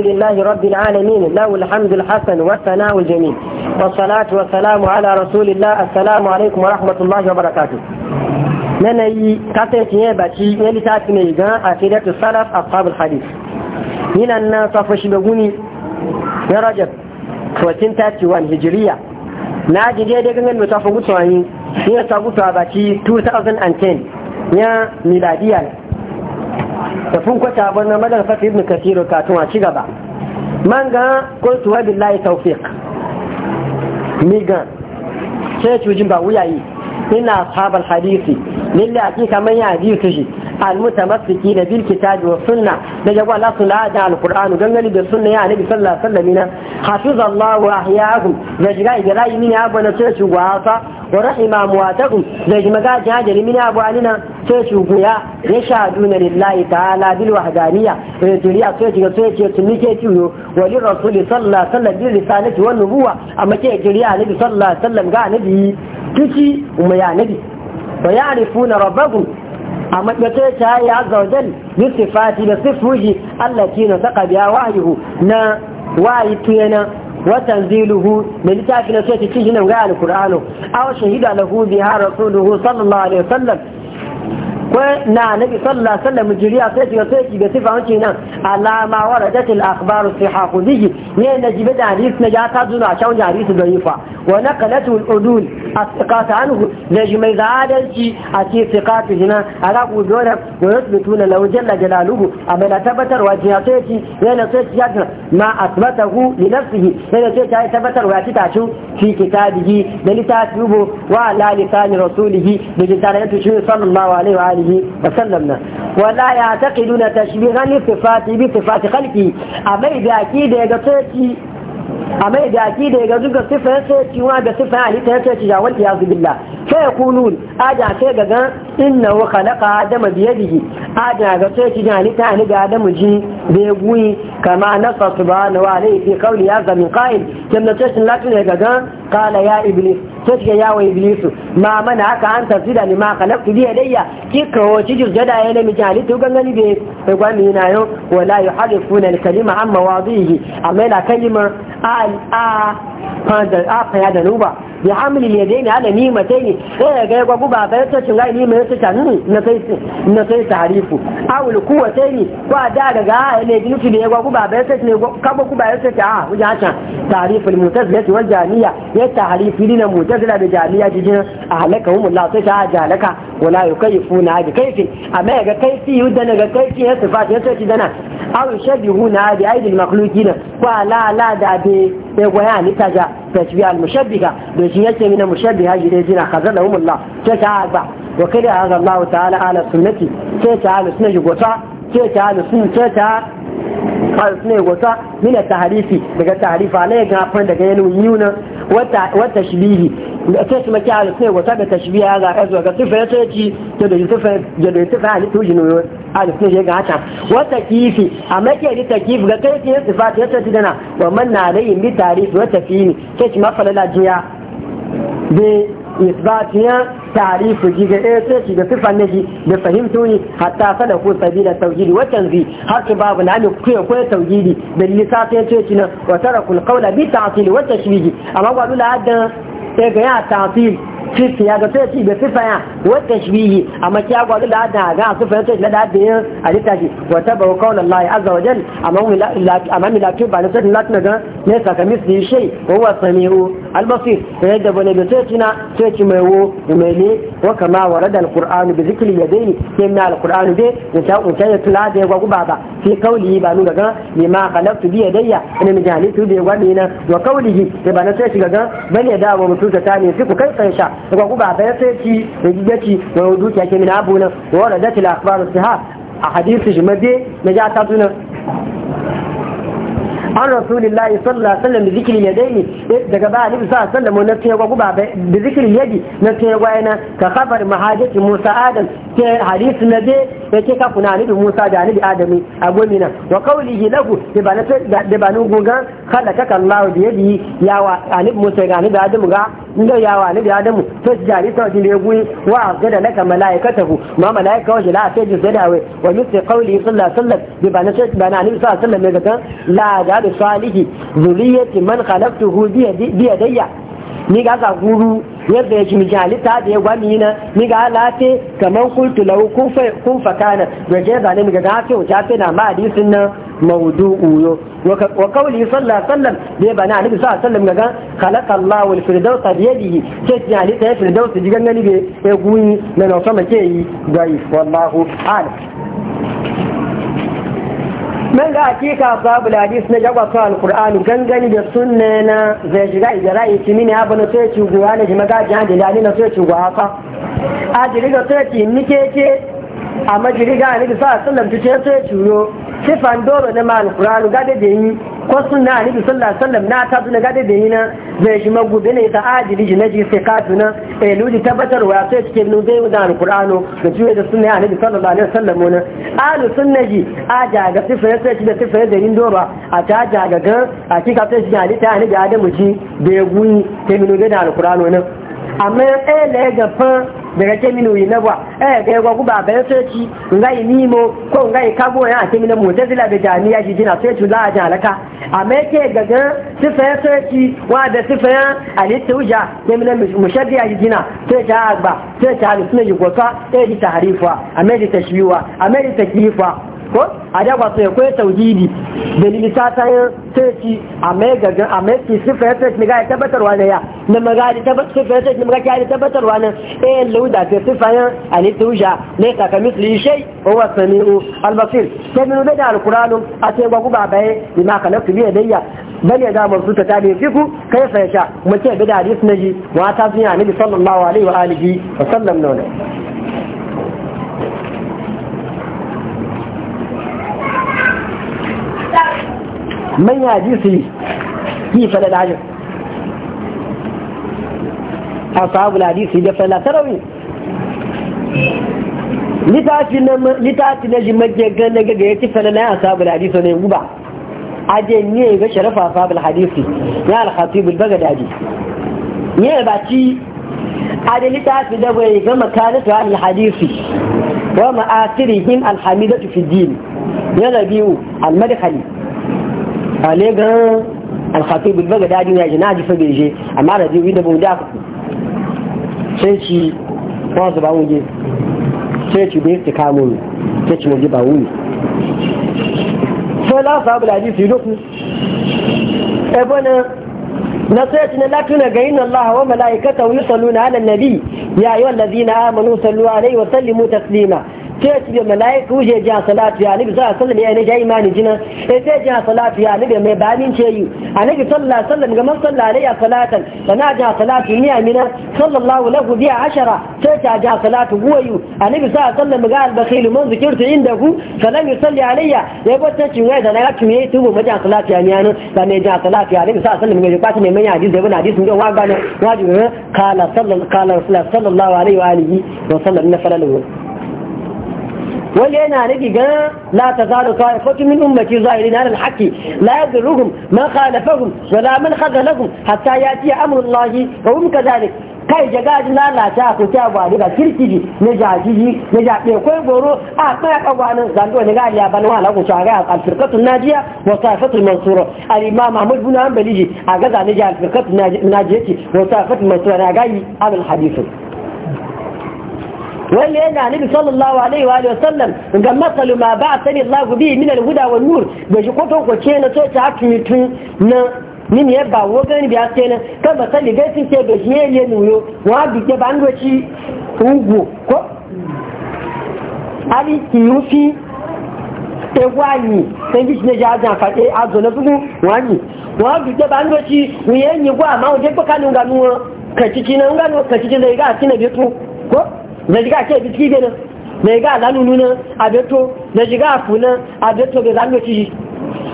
لله رب العالمين له الحمد الحسن والثناء الجميل والصلاة والسلام على رسول الله السلام عليكم ورحمة الله وبركاته nana yi kasance baci ya littafi mai gan a fidatu salaf ashabul hadith yinan na safa shi guni na rajab 1431 hijiriya na ji daidai gangan mai safa gutuwa yi ya sa 2010 ya miladiya da sun kwata ban na madar fata ibn kasir katun a cigaba man ga kuntu wa billahi tawfiq mi ga sai cujin ba wuyayi ina sabar hadisi lalle hakika man ya hadisi almutamassikina bil kitabi wa sunna da jagwa la su lada alqur'an gangani da sunna ya nabi sallallahu alaihi na hafizallahu ahyaakum da jiga igara yi mini abu na sai shugo hafa wa rahima muwatakum da jima ga jaje ni mini abu anina sai shugo ya ya shahadu na lillahi ta'ala bil wahdaniya wa yuriya sai tuni ke tiyo wa rasuli sallallahu alaihi wasallam bil risalati wan nubuwa amma ke jiri alaihi sallallahu alaihi wasallam ga nabi kici umma ya nabi wa ya'rifuna rabbakum a matsayar ta ya zaujal yusufati da sifuji Allah ke na saka biya wahihu na wayi tuyana watan ziluhu da littafi na sai cikin nan ga alkur'ano aw shahida lahu biha rasuluhu sallallahu alaihi wasallam ko na nabi sallallahu alaihi wasallam jiriya sai shiga sai shiga sifa wancin nan alama waradat al akhbar sihahu diji ne na jibe da hadis na ya ta zuna shawun hadis da yifa wa naqalatu al udul asiqat anhu da jimai da adalci a ce siqat hina ala ku dole wa yasbituna law jalla jalaluhu amma da tabbatar wa jiya sai ci yana sai ci yadda ma asbatahu li nafsihi yana sai ta tabbatar wa ci ta ci fi kitabihi da litafubu wa la lisani rasulihi da jitara yatu shi sallallahu alaihi wa آله وسلم ولا يعتقدون تشبيها لصفاته بصفات خلقه أما إذا أكيد يقصد a mai da aki da ya ga sifan soci ciwa ga sifan halitta ya ci jawal iya zubilla sai ya kunu aja sai ga gan inna wa khalaqa adama bi yadihi aja ga ci da halitta ni ga adamu ji da ya guyi kama nasa subhanahu wa alayhi fi qawli ya zamin qa'il na tashin latin ya ga gan qala ya iblis soci ya wa iblis ma mana ka an zida ni ma khalaqtu bi yadayya kika kawo ci jada ya ne mi halitta gani be gwami na yau wala yuhadifuna al kalima amma wadihi amma la kalima a a, da ruba bi hamlin ya ala ni eh ga ga ku baba ba bayan ga ni mai tocin nunu na sai na sai tarifu awul kuwa sai ni ko a da daga ne ginutu da ga ku baba bayan tocin ne ka gwagu ba bayan ta a wuce haka tariful mutazilati wal jami'a ya tarifi lina mutazila da jami'a jijin ahlaka hum la sai ta jalaka wala yukayfuna bi kayfi amma ga kaifi yudda ga kaifi ya sifat ya tocin dana aw shabihuna bi aidil makhluqina ko ala ala da be sai gwaya halitta ga tashbiha al-mushabbiha da shi yake mina mushabbiha shi dai jina kaza da umullah ta ta ba wa kada Allah ta'ala ala sunnati ta ta ala sunnati gota ta ta ala sunnati ta fa suna gota mina taharifi daga taharifa ne ga fan daga yanu yuna wata wata shibihi da ta su maki ala suna da tashbiya ga azu ga sifa ya ce to da sifa da da sifa ali to jinu ala suna ga hata wata kifi a maki da takif ga kai ce sifa ta ta dana wa man na da yin bi tarifi wata fini ce ma falala jiya be إثباتها تعريف جيجا إيسر جيجا كفا نجي بفهمتوني حتى صدقوا سبيل التوجيه وتنزي حق باب العلم كي يقول التوجيه باللساطين تيتنا وتركوا القول بالتعطيل والتشويج أما قالوا لها sai ga ya tatil ya ga sai ci da sifa ya wa tashbihi amma ki ya gwada da da ga sifa ya ce da da yin alita shi wa tabawu qawla Allah azza wa jalla amma mu la amma ba sai lat na ga ne saka misli shay wa huwa samiu al basir sai da bane da sai na sai ci mai wo mai ne wa kama warada al qur'an bi zikri yadaini sai na al dai da ta unta ya tula da ya ba baba fi qawli ba nu ga lima khalaqtu bi yadayya ina mi jani da ya gwa ne na wa qawlihi ba na sai shiga ga bane da mulka ta ne fi ku kai san sha daga ku ba ya sai ki da gigaci da dukiya ke min abu nan wa radatil akhbar sahab a hadisi jimabe na ja ta tunan an rasulillahi sallallahu alaihi wasallam zikri yadaini daga ba annabi sallallahu alaihi wasallam na tayyawa guba da zikri yadi na tayyawa yana ka khabar mahajati musa adam ke hadisi na je yake ka kuna annabi musa da annabi adami a gomina wa qawlihi lahu da ba da ba nu guga khalaqaka allah bi yadi ya wa musa ga ga inda ya wa annabi adamu to jari to jin gui wa azgada laka malaikatahu ma malaika wa jala sai jin sadawe wa misli ibadu salihi zuriyati man khalaqtuhu bi yadayya ni ga guru yadda ya kimi da ya na ni ga lafe kaman kultu kun da ne ga gafe wuta sai na ma hadisin nan mawdu'u yo wa qawli sallallahu alaihi wasallam da alaihi wasallam ga khalaqa Allahu al-firdaus bi yadihi ce ya firdaus ji yi من ga hakika babu hadis na jagwa ta alqur'ani gangani da sunna na zai shiga idra'i ci mini abu na sai ci guwa ne jimaga jan da dani na sai ci guwa fa a jiriga sai ci nike ce a majiriga ne sa sallam ci sai ci yo sifan doro na ma alqur'ani ga da yi ko sunna annabi sallallahu alaihi na ta tuna gade da yina zai shi magube ne ta ajili ji naji sai ka tuna eh ludi tabbatar wa sai cikin nun zai da alqur'ano da ciwe da sunna annabi sallallahu alaihi wasallam ne alu sunnaji aja ga sifa sai da sifa da yin a ta ja ga ga a kika sai ali ta annabi adamu ji da ya guyi sai mun da alqur'ano daga kemini wi nabwa eh ga yawa ku baba ya sai ngai nimo ko ngai kago ya kemini mutazila da jami'a shi jina sai a gaga sifa ya wa da sifa ya alittuja kemini mushaddiya shi jina sai ta agba sai ta yi ta ta ko a da ya kwaye yakwai da dalili ta tayin teki a mai gagan a mai ki sifa ya teki ga tabbatarwa ne ya na magadi sifa ya teki ga ya tabbatarwa ne eh lauda ta sifa ya ani tuja ne su yi shai shay wasu samiu al-basir sai mun da al-qur'anu a ce ba ku ba baye ni ma kana kuma ya dayya bane ya da su ta tabi fiku kai fa sha mu ce da hadis naji wa ta sunya annabi sallallahu alaihi wa alihi wa sallam wani من يحديثه في فلا العجب أصحاب الحديث في فلا تروي litati na ji magyagan na gaga ya ci fana na asabul hadisi ne guba aje ne ga sharafa asabul hadisi ya al-khatibul daji ne ba ci aje litati da bai ga makalatu al-hadisi wa ma'asirihim al-hamidatu fi din ya biyu al-madkhali ale gan alkhatib al-baghdadi ya jina ji fabe je amma da yi da bunda sai ci ko su ba wuje sai ci bai ta kamo ni sai ci wuje ba wuni so la sabu da ji su doku e bana na sai ci na latuna ga inna Allah wa malaikatahu yusalluna ala an-nabi ya ayyuhallazina amanu sallu alayhi wa sallimu taslima sai ci da mala'iku je ji salatu ya nabi a alaihi wasallam ya ne imani sai eh, sai ji salatu ya nabi mai bayanin ce yi annabi sallallahu sallan wasallam ga man sallallahu alaihi salatan sana ji salatu ni amina sallallahu lahu biya ashara sai ta ji salatu huwayu annabi sallallahu alaihi wasallam ga al-bakhil inda zikirtu Sallan alayya ya bata cin wai da na yi tu mu ji salatu ya ni anu da ne ji salatu ya nabi sallallahu alaihi wasallam ga kwata ne mai hadisi da bana hadisi ga waga ne kala sallallahu alaihi wa alihi wa sallam na falalu wanda yana nufi gan la ta zalu kawai fakin min ummaki zahiri na alhaki la ya zuruhum man khalafahum wala man khazalahum hatta ya ci lahi wa hum kazalik kai jaga ji lalata ko ta ba daga kirkiji na jajiji na jabe kai goro a kai kagwanin zando ne ga ya ban wala ko shara al firqatul najiya wa safatul mansura al imam ahmad bin hanbali a ga zane al firqatul najiya ce wa safatul mansura na ga al hadithu wanda yana nabi sallallahu alaihi wa alihi wasallam ga masalu ma ba sani Allah bi min al-huda wan nur ga shi kwato ko ce na to ta tumitu na min ya ba wo gani biya ce na kan ba sani ga sun ce ga shi ne ne nuyo wa bi ke ban goci ugu ko ali ki yufi te wani sai bi ne ja jan fa te azo na bugu wani wa bi ke ban goci uyen ni gwa ma o je pakanu ga nuwa ka cikin ga nuwa ka cikin da ga cikin da bitu ko na jiga ke biki ne na jiga zanunu nan a beto na jiga afu nan a beto ga zangoci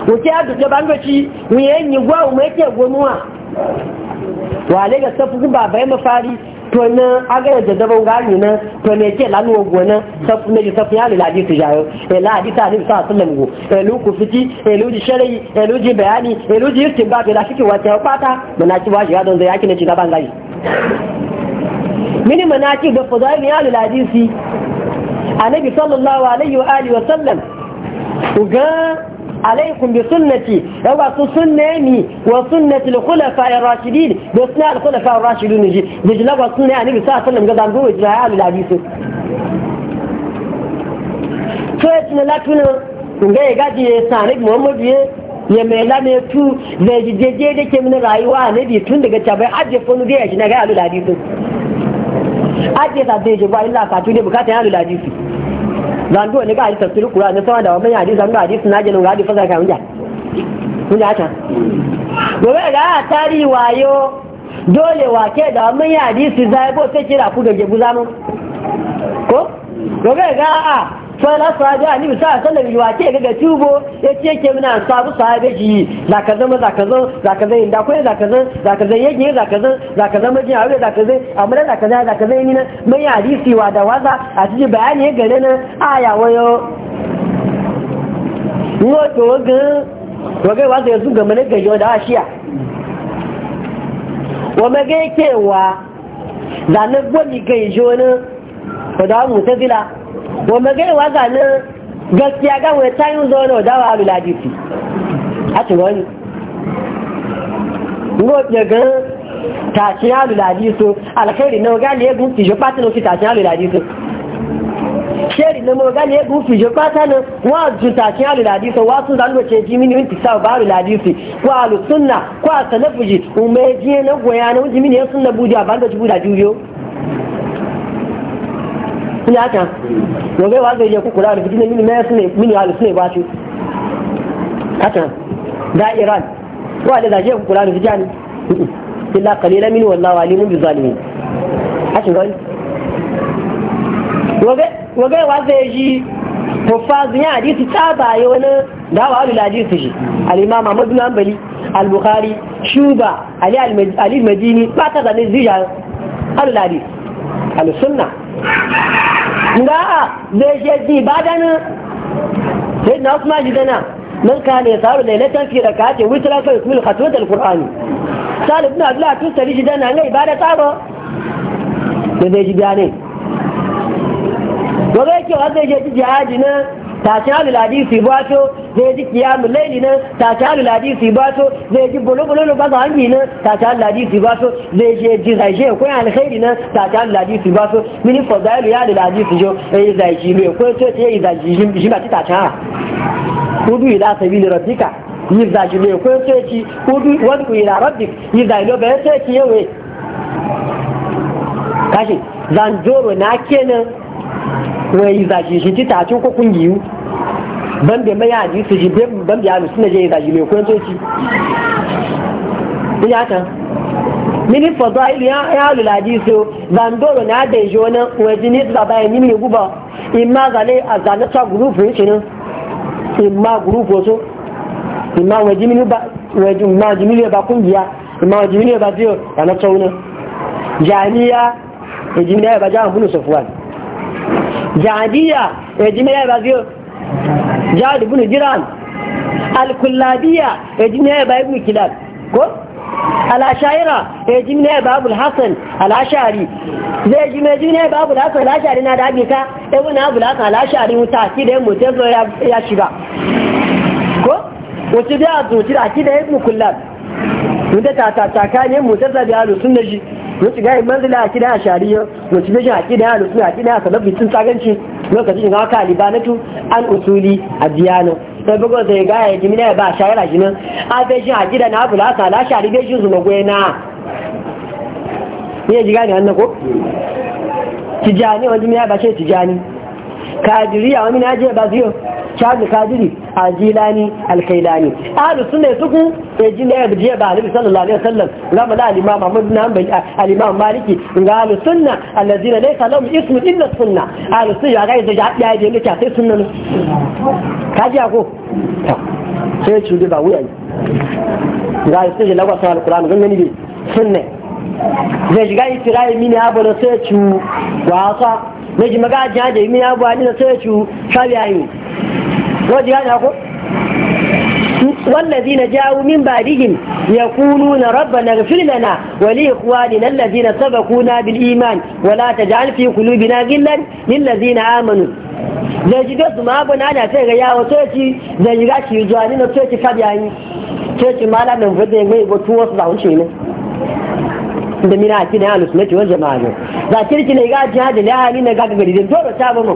wuce ya duka bangoci wuye yin gwa umu yake gonuwa wale ga safi kuma bai mafari to na agaya da daban gani na to ne ke lanuwa gona safi na ji ya lila ji su jayo e la hadisa hadin sa sallan go e lu ku fiti e lu ji sharayi e lu ji bayani e lu ji yirtin ba da shi ke wata ya fata da ki ci ba shi ya don zai yaki na ci gaban gari mini manaki ga fadail ya lil hadisi annabi sallallahu alaihi wa alihi wa sallam uga alaikum bi sunnati yawa su sunne ni wa sunnati al-khulafa ar-rashidin bi sunna al-khulafa ar-rashidin ji ji lawa sunne annabi sallallahu alaihi wa sallam ga dango ji ya lil hadisi so etina latuna nga ya gaji ya sa annabi muhammadu ya ya mai lame tu zai jeje da ke mini rayuwa annabi tun daga tabai ajiye fonu da ya shi na ga alul hadisi ake sa sai shi ba illa ka tuni bukata ya lula hadisi zando ne ga hadisi tafsirin kura ne sama da wa manyan hadisi zando hadisi na jinin hadisi fasara kan hujja hujja ta gobe ga tarihi wayo dole wake da wa manyan hadisi zai bo sai kira ku da gebu zamu ko gobe ga a fala sahabi annabi sa sallam yi wake ga tubo yace yake muna sabu sahabi zama inda za ka zan za ka zan aure amma zan mai hadisi wa da waza a cikin bayani gare wayo waza mana da wa kewa zanen gwani ko da mu ta zila wa magaiwa ga nan gaskiya ga wai ta yi zo na dawa alu ladisi a ci wani ngo ga tashin alu ladiso alkhairi na gani ne gun fijo pati no ki tashin alu sheri na mo ga ne gun fijo pata wa ju tashin alu wa sun zan ji mini minti sa ba alu ladisi ko alu sunna ko salafuji umeji na goya na ji mini sunna buja ban da ji buja juyo kuni haka yanzu ba zai je ku kula da fitina mini mai ne mini su ne ba shi haka da iran wa da zaje ku kula da fitina illa qalilan min wallahu alimun bi zalimin haka gani wage wage wa zai ji hufazin ya hadisi ta baye wani dawa alul hadisi shi al-imam Ahmad bin Hanbali al-Bukhari Shuba Ali al-Madini ba ta zane zija alul hadisi al-sunna nga da sheddi ba da nan sai na usman jidana man tsaro yasaru lailatan fi rak'ati witra fa yukmil khatwat al-qur'ani salib ibn abdullah tun sari jidana ba da tsaro da zai ji gane gobe yake wanda ya ji jihadi na tashi halul hadisi ba to zai ji kiyamu laili nan tashi halul hadisi ba to zai ji bulubulu ba za hangi nan tashi halul hadisi ba to zai je ji zaije ko ya alkhairi nan tashi halul hadisi ba to mini fadailu ya halul hadisi jo eh zaiji me ko to eh zaiji shi ba ta tashi ha kudu ila sabili rabbika yi zaiji me ko to ci kudu wadu ila rabbik yi zaiji ba ya ce ci yawe kashi zan zanjoro na kenan wai zaji shi ti tace ko kun yiwu ban da mai yaji su ji ban da yaji suna je zaji mai ko ci ina ta mini fadwa ilu ya lulaji so zandoro na da ijo wani wajen ne tsaba ya nimi guba imma zane a zane ta gurufu ya ce nan imma gurufu wasu imma wajen mini ba kungiya imma wajen mini ba biyo a na tsaunin jami'a wajen mini ba jami'a bunu sofuwa jadiya eh, ya ji mai raziyo jihar ibn jiran alkullabiya eh, ya ji ba ibn kilab ko al'ashaira eh, ya ji ba abul hasan al'ashari zai ji mai ba abul hasan al'ashari na da ka ya wani abul hasan al'ashari wuta ki da ya mutu ya shiga ko wuce da a zuci da ki da ya ibn kullab wuta ta ta ta kan ya mutu da ya lusun da shi wacce ga manzila a kida a shari'a wacce bishin a kida a rufu a kida a salafi sun tsaganci lokacin ga haka libanatu an usuli a diyano sai bugu zai ga ya jimina ya ba shayara shi nan a bishin a kida na abula sa la shari bishin su magwai na ne ji gani wannan ko tijani wani ya ba shi tijani kadiriya wani na je ba ziyo shazi kadiri a jilani alkailani ahlu sunna suku sai eh, jin da ba sallallahu alaihi wasallam eh, Maliki ga ahlu sunna allazina laysa ismu illa sunna ya ne sunna ne kaji sai ba wuya ga ne zai shiga itirai mini abu da sai wasa wajen yana ko والذين جاءوا من بعدهم يقولون ربنا اغفر لنا ولإخواننا الذين سبقونا بالإيمان ولا تجعل في قلوبنا غلا للذين آمنوا zai shiga su ma na da sai ga yawo coci zai shiga shi zuwa nuna coci fabiya yi coci malamin bude mai batu wasu ba wuce ne da mina ake na alusunaci wajen jama'a ne za kirki na ga jihadi na hali na gaga gari da doro ta bamu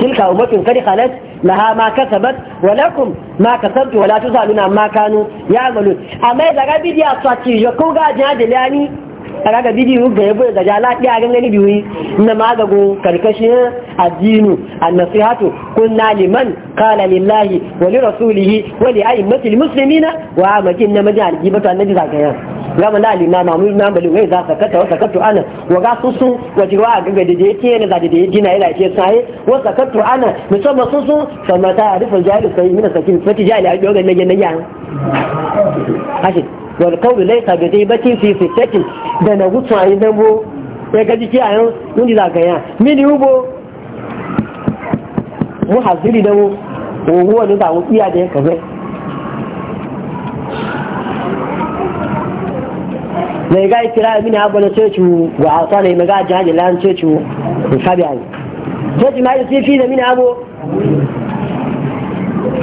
tilka ummatun kad khalat laha ma kasabat wa lakum ma kasabtu wa la tusaluna amma kanu ya'malun amma daga bidiya sa ci yo ko ga jihad lani kaga bidiyo ga yabo ga jala ga gangani biyu na magago karkashin addinu annasihatu kunna liman qala lillahi wa li rasulihi wa li a'immati muslimina wa makin na majal gibatu annabi zakaya ga man da ma mamu na bali wai za ka kata wa sakatu ana wa ga susu wa jiwa ga ga da yake ne da da yake na ila ce sai wa sakatu ana musamman susu kamata arifu jahil sai mina sakin fati jahil a dogon nan yan nan wal qawlu laysa bi ghibati fi sittatin da na gutsu ayi dambo ya gaji ki ayo mun ji zagaya mini ubo mu haziri da mu huwa da zamu iya da kaza mai ga kira mini abu na coci wa a tsanayi mai ga jihajin lan coci in sabi coci ma yi sifi da mini abu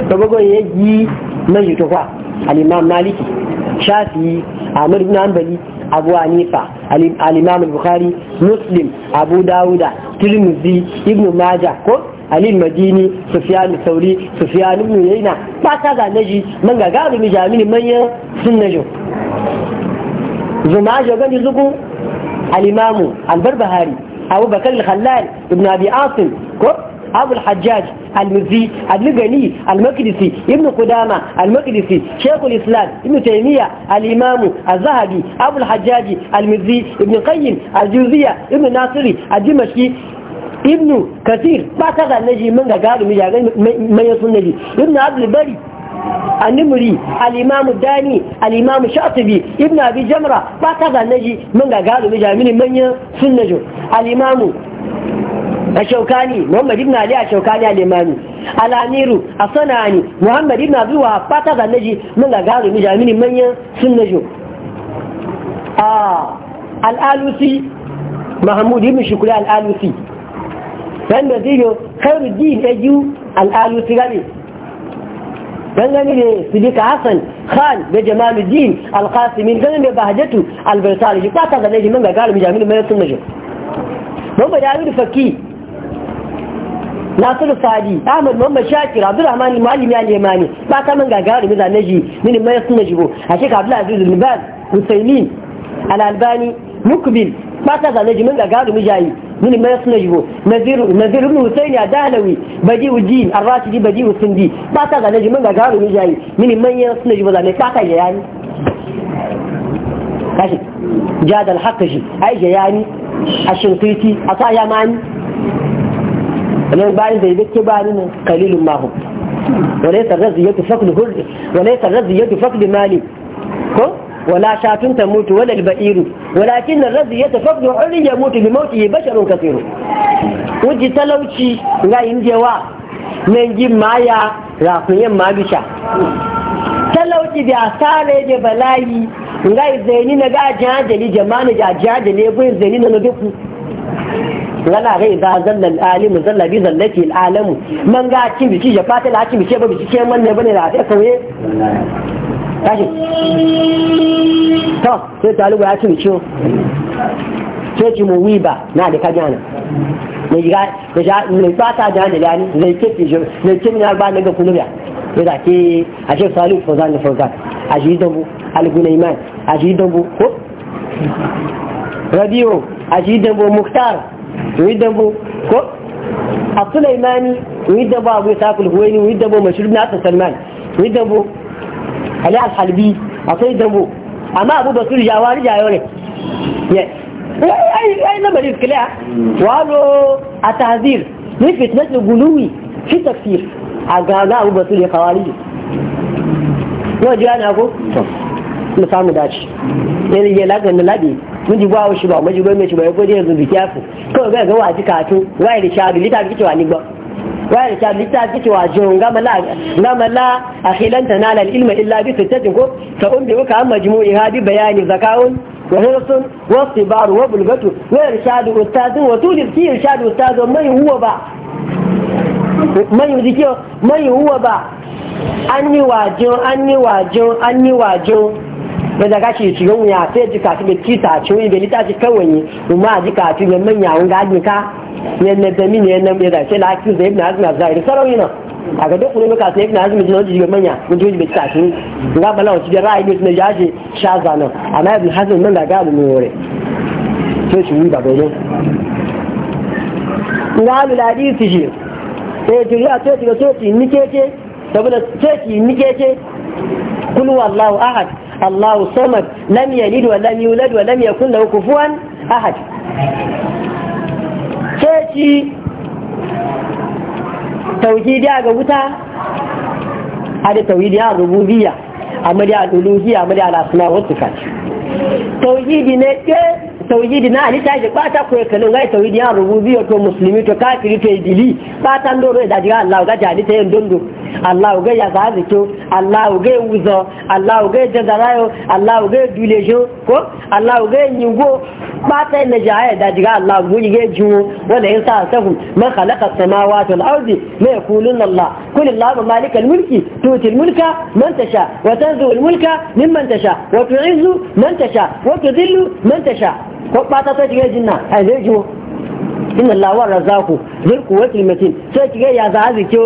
ta bugun ya yi mai yi tukwa al'imam maliki shafi amir bin hanbali abu hanifa al-imam al-bukhari muslim abu dawuda tirmidhi ibn maja ko Ali Madini, Sufyan Sauri, Sufyan Ibn Yaina, ba ta zane shi man manyan sun najo. Zuma gani zugu al-imamu al Abu Bakar al Ibn Abi Asim, ko أبو الحجاج المزي المغني المقدسي ابن قدامة المقدسي شيخ الإسلام ابن تيمية الإمام الزهدي أبو الحجاج المزي ابن قيم الجوزية ابن ناصري الدمشقي ابن كثير ما كذا نجي من قالوا مجاغين ما يصل نجي ابن عبد البري النمري الإمام الداني الإمام الشاطبي ابن أبي جمرة ما كذا نجي من قالوا مجاغين من يصل نجو الإمام الشوكاني محمد بن علي الشوكاني الإمامي الأمير الصنعاني محمد بن عبد الوهاب فاتذا النجي من قال مجامين من سنجو آه الآلوسي محمود بن شكري الآلوسي فإن ذيه خير الدين أجو الآلوسي غني dangane da sidika hassan khan da jamaluddin alkasimin ganin da bahajatu albertali ji kwata zane ji man ga galibi jami'in mai sun mashi mun ba da fakki nasiru sadi ahmad muhammad shakir abdulrahman al-muallim ya limani ba ta man gagara da zane ji mini mai sunna jibo a shek abdulaziz al-baz husaini al-albani mukbil ba ta zane ji mun gagara da mijayi mini mai sunna jibo nazir nazir ibn husaini adalawi badi uddin ar-rashidi badi usindi ba ta zane ji mun gagara da mijayi mini mai sunna jibo zane ba ta yani kashi jadal haqqi ai jayani ashinqiti asa yamani ولو بعد زي ذلك بعد قليل ما هم وليس الرزية فقد هر وليس الرزية فقد مالي ولا شاة تموت ولا البئير ولكن الرزية يتفقد حر يموت بموته بشر كثير وجي تلوشي لا ينجوا نجي مايا راقيا ما بشا تلوشي دي sare دي بلاي ngai zaini na ga jajali jama'a ga jajali ne bu zaini na duku ngala gai da zallal alim zalla bi zallati alamu man ga cin bici ya fata la cin bici ba bici ke man ne bane da sai kawai tashi to sai taluba ya cin bici sai ci mu wiba na da kajana ne ga da ne fata da da yani zai ke fi ne ke min ba ne ga kulubiya ya da ke a ce salu fozan da fozan a shi dambu al a shi dambu ko rabiu a shi dambu muktar yi dabo ko a sulaimani yi dabo abu isa kulhuwaini yi dabo mashirin na asan salman yi dabo ali alhalbi akwai dabo amma abu basir jawari jayo ne ai na bari kila walo a tazir ne fitnat da guluwi fi tafsir a gaga abu basir ya ko samu na mun ji shi ba mun ji gwamnati ba ya gode yanzu kawai ga ga wa ji katu wai da shabi litafi kici wa ni ba wai da shabi litafi kici wa jo ngama la ngama la akhilan tanala ilma illa bi sittatin ko ta umbi ka amma hadi bayani zakaun wa hirsun wa sibar wa bulgatu wa irshadu ustadin wa fi mai huwa ba mai mai huwa ba an yi wajen an ni an ni da daga shi shiga wuya sai ji kasu bai kita ci wani bai litaci kawai kuma ji kasu bai manya wani gaji ka ne na dami ne na mai zace la na ibn azmi azzairi sarauni na a ga duk kuma kasu ibn azmi jino ji manya mun ji bai kita ci ga bala wani da ra'ayi ne jaje sha zana amma ibn hazmi nan da ga mu wore sai shi ba dole ngalu ladisi ji sai ji ya sai ga sai ni keke saboda sai ni keke kul wallahu ahad Allahu samad lam yalid wa lam yulad wa lam yakul lahu kufuwan ahad ceci tauhidi ga wuta a da amadi al'uluhiyya amadi suna wasu kaci tauhidi ne ke tauhidi na alita ba ta ko kanu ngai tauhidi an rububiyya to muslimi to kafiri to idili ta ndoro da jiga Allah ga jani ta yin dundu Allah ga ya ga zikyo Allah ga wuzo Allah ga jazarayo Allah ga dulejo ko Allah ga nyugo ta na jaya da jiga Allah mun ji ga juwo wala yasa sahu man khalaqa samawati wal ardi ma yaquluna Allah كل الله مالك الملك تؤتي الملك من تشاء وتنزو الملك ممن تشاء وتعز من تشاء وتذل من تشاء فقطت وجه الجنة هذا إن الله هو الرزاق ذو القوة المتين سيكي يا زعزكو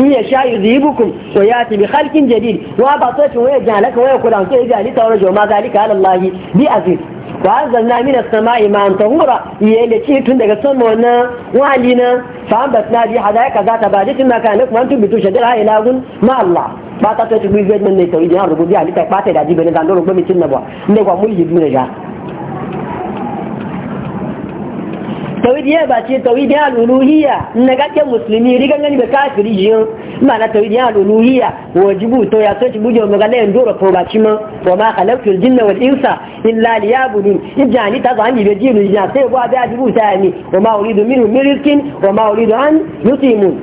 إن يشاء يذيبكم وياتي بخلق جديد وابا طيش ويجعلك ويقول عن سيدي علي تورجو ما ذلك على الله بأزيز wa anzalna min as-sama'i ma'an tahura yayin da tun daga sama wannan wali na fa ambatna bi hadaika ta ba jitin na kana kuma tun bitu shajara ila gun ma Allah ba ta ta tubi zai nan ne tawidi har rububi halitta ba ta da jibe ne dan rububi tin na ba ne kwa mulhi bi ne ja tawhidiyya ba ce tawhidiyya al-uluhiyya na gake musulmi rigan gani ba kafiri jiyo ma'ana tawhidiyya al-uluhiyya wajibu to ya so ci buje mu ga layan dora to ba ci ma wa ma khalaqtul jinna wal insa illa liyabudun ijani ta zani be jinu ya sai ba da jibu ta ni wa ma uridu minhum min rizqin wa ma uridu an yutimun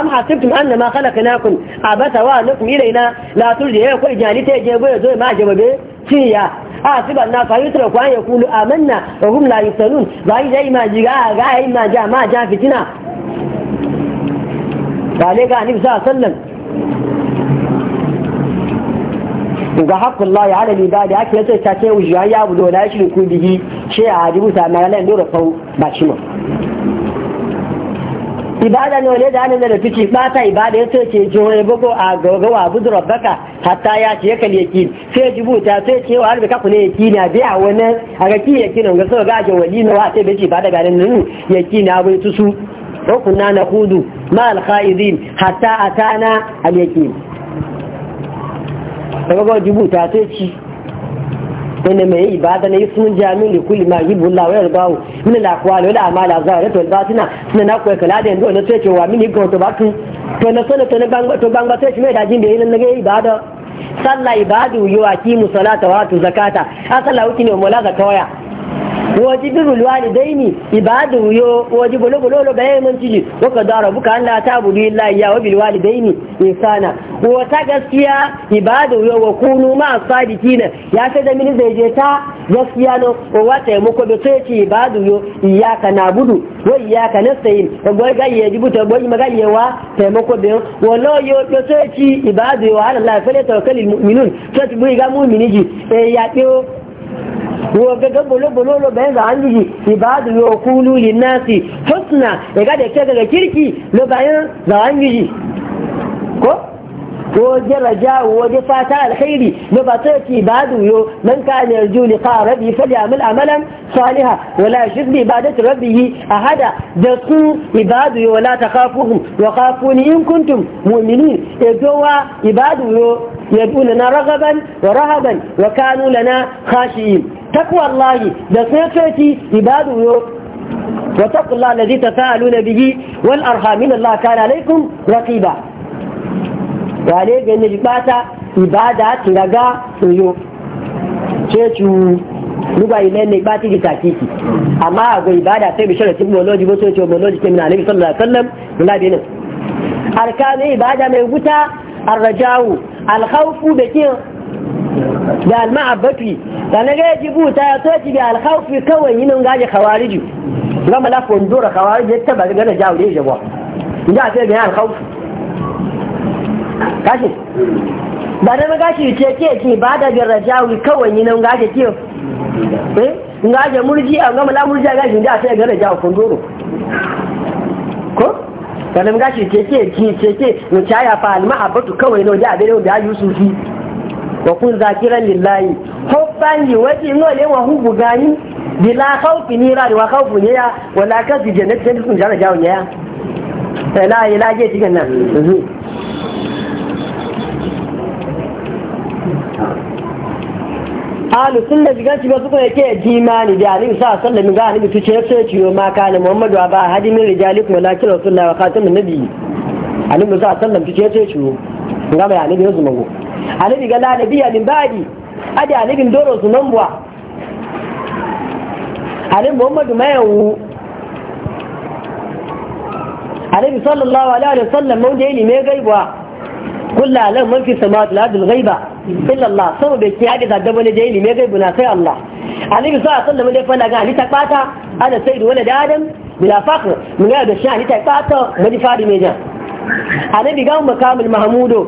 am hasibtum anna ma khalaqnakum abasa wa lakum ilayna la turji'u ko ijani ta je go zo ma jababe ciya a siban na fa yutra ko an yakulu amanna wa hum la yusalun zai dai ma jiga ga ai ma ja ma ja fitina kale ga ni sa sallan. wasallam ga Allah ya ala ibadi da ake yace ta ce wujuwa ya budo na shi ku bihi shi a hadibu ta na lan dora fau ba shi ma ibada ne wale da ana da tuci bata ibada ya ce jo ya bugo a gogo wa budur rabbaka hatta ya ce kal yakin sai jibuta sai ce wa albaka kune yakin ya biya wani a ga ki yakin ga so ga ga wali na wa sai bai ibada ga nan yakin na bai tusu ko kunna na hudu ma al khaidin hatta atana al yakin daga jibuta sai ci ina mai ibada na sun jami da kulli ma yi bulla wayar bawo min la amala za ra to na koyi kala da yanzu na ce cewa mini ga to batu to na sana to na bangba to bangba sai mai dajin da wajibi bulwani daini ibadu yo wajibi bulubulu bayan mun ciji waka da rabuka Allah ta budu illa ya wa bilwani daini insana wata gaskiya ibadu yo wa kunu ma sadiqina ya sai da mini zai je ta gaskiya no wa taimako da sai ci ibadu yo iyyaka nabudu wa iyyaka nasta'in goyi ga yaji buta goyi magani wa taimako da wallo yo da sai ci ibadu yo ala Allah fa la tawakkalul mu'minun sai buyi ga mu'mini ji eh ya هو جاب له له له بين عندي في بعض يقولوا للناس حسنا من كان يرجو لقاء ربي فليعمل عملا صالحا ولا يشرك بعبادة ربه احدا دسو عباده ولا تخافوهم وخافوني ان كنتم مؤمنين يدوا عباده يدعو لنا رغبا ورهبا وكانوا لنا خاشئين takwar da sai ceci ibadu yo wa takwar la lazi ta sa Allah bata ibada ile ne takiki amma ga ibada sai bi bo na sallallahu alaihi wasallam ladina arkani ibada mai wuta arrajau alkhawfu da da almahabbati da na ga yaji buta ya bi al-khawfi kawai yinin gaje khawariji ga malafon dora khawariji ta ba ga na jawo da ya jabo sai ga alhaufi kashi ba da magashi ce ce ke ba da bin rajawi kawai yinin gaje ki eh gaje murji an ga mala murji shi inda sai ga rajawi kondoro ko da shi ce ce ce ce mu caya fa almahabbatu kawai no da da da yusufi wa kun zakiran lillahi hoban li waji no le wa hu bugani bila khawfi ni ra wa khawfu ne ya wala ka ji jannat da kun jara jawo ne ya eh, la ila je cikin nan ahlu sunna diga ci ba su kuma yake jimani da alim sa sallam ga alim su ce sai ciyo ma kana muhammadu aba hadi min rijalikum walakin rasulullahi wa khatamun nabi alim sa sallam su ce sai ciyo ga mai alim yanzu go annabi ga lanabiya min ba'di ada annabin doro su nan buwa annabi muhammadu yawu annabi sallallahu alaihi wa sallam mun da mai gaibuwa kullu lam man fi samawati la dul ghaiba illa allah sama bai ki hadisa da wani da mai gaibu na sai allah annabi sallallahu alaihi wa sallam dai fa daga hadisa kwata ana sayyidu wala da adam bila fakr mun ga da shi ta kwata mai fadi jan annabi ga makamul mahmudo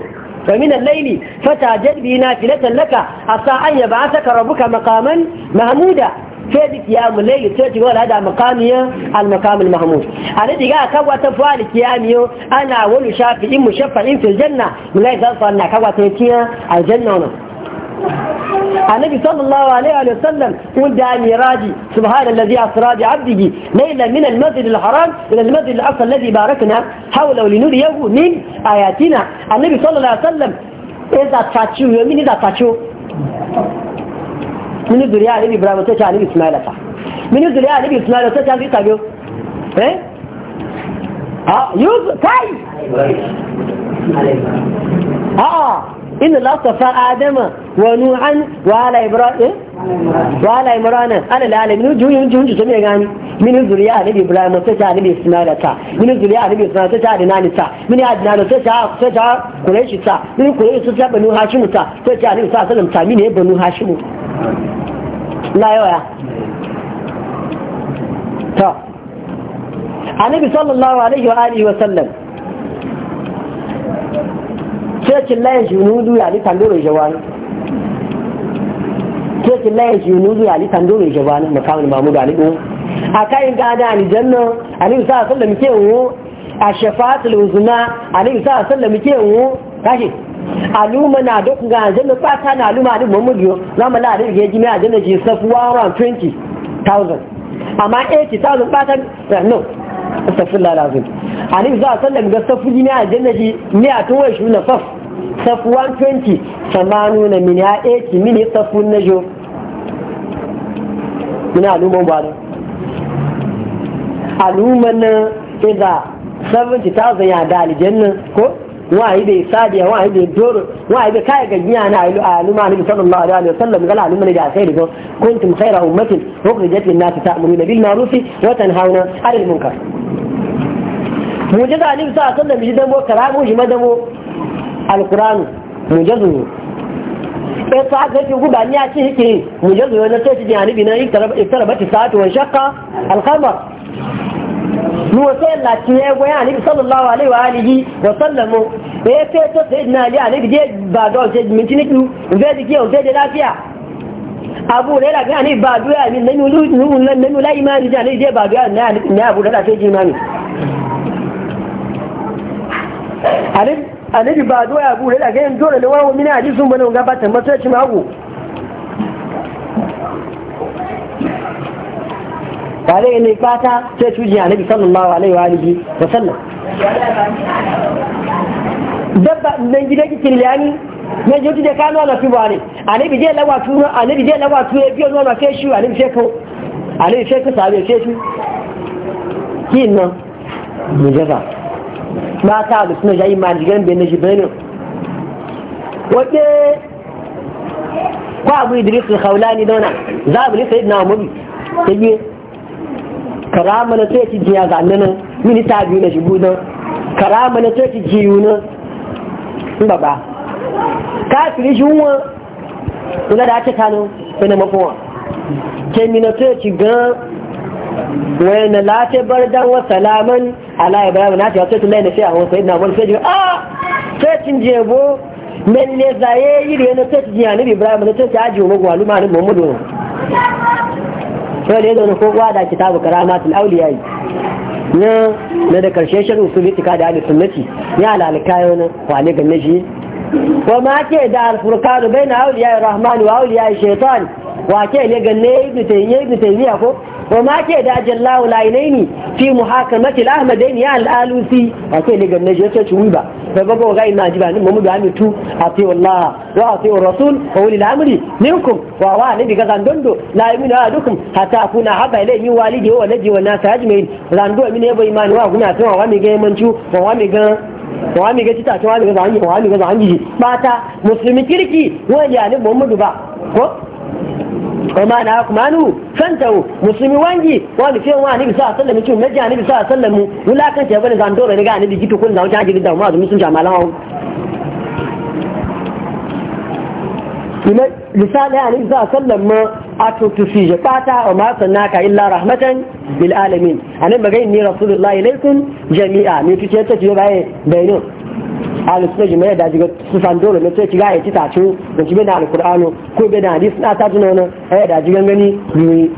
فمن الليل فتعجل به نافلة لك عسى أن يبعثك ربك مقاما محمودا فيدك يا أم الليل تأتي قول هذا مقامي المقام المحمود الذي قال كوة فوالك يا أمي أنا أول شافئ مشفع في الجنة من لا يزال صلنا كوة تأتي الجنة ونصر النبي صلى الله عليه وسلم يقول ده ميراجي سبحان الذي أسرى بعبده ليلا من المسجد الحرام إلى المسجد الأقصى الذي باركنا حول لنريه من آياتنا النبي صلى الله عليه وسلم إذا تشو يومين إذا تشو من الدرياء النبي إبراهيم تشع النبي إسماعيل تشع من الدرياء النبي إسماعيل تشع النبي تشع ها يوز كاي ها آه، ان الله صفى ادم ونوحا وعلى إبراهيم وعلى إمران على العالمين جوي جوي جميع غاني من الذرية نبي إبراهيم تجا نبي إسماعيل تا من الذرية نبي إسماعيل تجا عدنان تا من عدنان تجا تجا قريش تا من قريش تجا بنو هاشم تا تجا نبي صلى الله عليه وسلم تا من بنو هاشم لا يا تا النبي صلى الله عليه وآله وسلم sai cin layin shi nudu ya ni tandoro jawani ke laye shi nuzu ali tan dole je bani makamin mamudu ali ko akai ga da ali janna ali sa sallam ke wo a shafatul uzna ali sa sallam ke wo kashi aluma na duk ga aljanna fata na aluma ali mamudu na mala ali ke ge jimi janna ji safu 20000 amma 80000 fata eh, no astaghfirullah alazim ali sa sallam ga safu jimi janna ji ne a tuwa shi na safu safu 120 samanu na mini a 80 mini safu na jo mini al'umman ba al'umman na iza 70,000 ya da nan ko wayi bai sadiya bai doro wayi bai kai ga na alu aluma ne sallallahu alaihi wa sallam gala aluma ne da sai daga kuntum khaira ummatin ukhrijat lin nas ta'muruna bil ma'ruf wa tanhauna 'anil munkar mujiza sa sallam karamu shi القران مجزو ايه ساعات هكي وقوب عني عشي هكي مجزو ونسيتي أنا بنا اقتربت أنا وانشقة الخمر أنا سيئ الله أنا ويعني صلى أنا عليه وآله أنا ايه فيتو أنا لي يعني أنا بادو سيد من تنكلو وزيد كيه وزيد لا فيها ابو ليلى يعني بادو يعني لن يلوج لن لا ايمان يعني دي يعني- بادو يعني ابو ليلى سيد ايماني عرفت annabi ba doya gure daga gayin dole ne wawo mini hadisi sun bane gabata masallaci mago bare ne fata sai tuji annabi sallallahu alaihi wa alihi wa sallam dabba nan gida kikin liyani ne je da kano na fi bare annabi je lawa tuna annabi je lawa tuna biyo no na sai shi annabi sai ko annabi sai ka sabe sai shi kin nan mujaza ba ka da suna jayi majigan bai na jibirin wace kwa abu idris al-khawlani dauna za a buli sayyidina umar ta yi karama na tsoci jiya ga nan minista biyu na shigo don karama na tsoci jiyu na ba ba kafiri shi wuwa ina da ake kano sai na mafowa ke minatoci gan wani lati bardan wa salaman ala ibrahim na ta tun laina sai a wasu ina wani sai a sai jebo men ne zaye yi da yana sai jiya ne ibrahim ne sai aji wa gwalu ma ne muhammadu sai da yana ko gwada kitabu karamatul awliya na na da karshe shirin su litika da ahli sunnati ya lalakayo na wale ga shi. wa ma ke da alfurkanu bayna awliya rahman wa awliya shaytan wa ke ne ganne ya yi ibnu taymiya ko وما كيدا جل الله العينين في محاكمة الأحمدين يا الآلوسي أكيد لقد نجيسة شويبا فبقوا غير ناجبا نمو بأمي تو أطيع الله وأطيع الرسول وولي الأمر منكم وأوان نبي قزان دندو لا يمين أهدكم حتى أكون أحبا إليه من والدي هو الذي والناس أجمعين زاندو أمين يبو إيمان وأغنى أتوا وأمي غير منشو وأمي غير wani ga cita ce wani ga zanji wani ga zanji bata musulmi kirki wani ya ne muhammadu ba ko amma da haka manu santa musulmi wangi wani fiye wa ni a sallami ki mai jani bisa sallami wulakan ke bani zando ne ga ni bi gito kun zawo ta gidi da ma da musulmi jama'a lawo misali ya ni bisa sallami a tutu si je fata wa ma sanna ka illa rahmatan bil alamin anan magayin ni rasulullahi alaikum jami'a ne tuce ta ciyo baye bayanin ahlus sunna jima'a da jiga su san dole ne sai kiga ya ci tacu da kibe da alqur'ano ko be da hadisi na ta tuno ne eh da jiga gani ni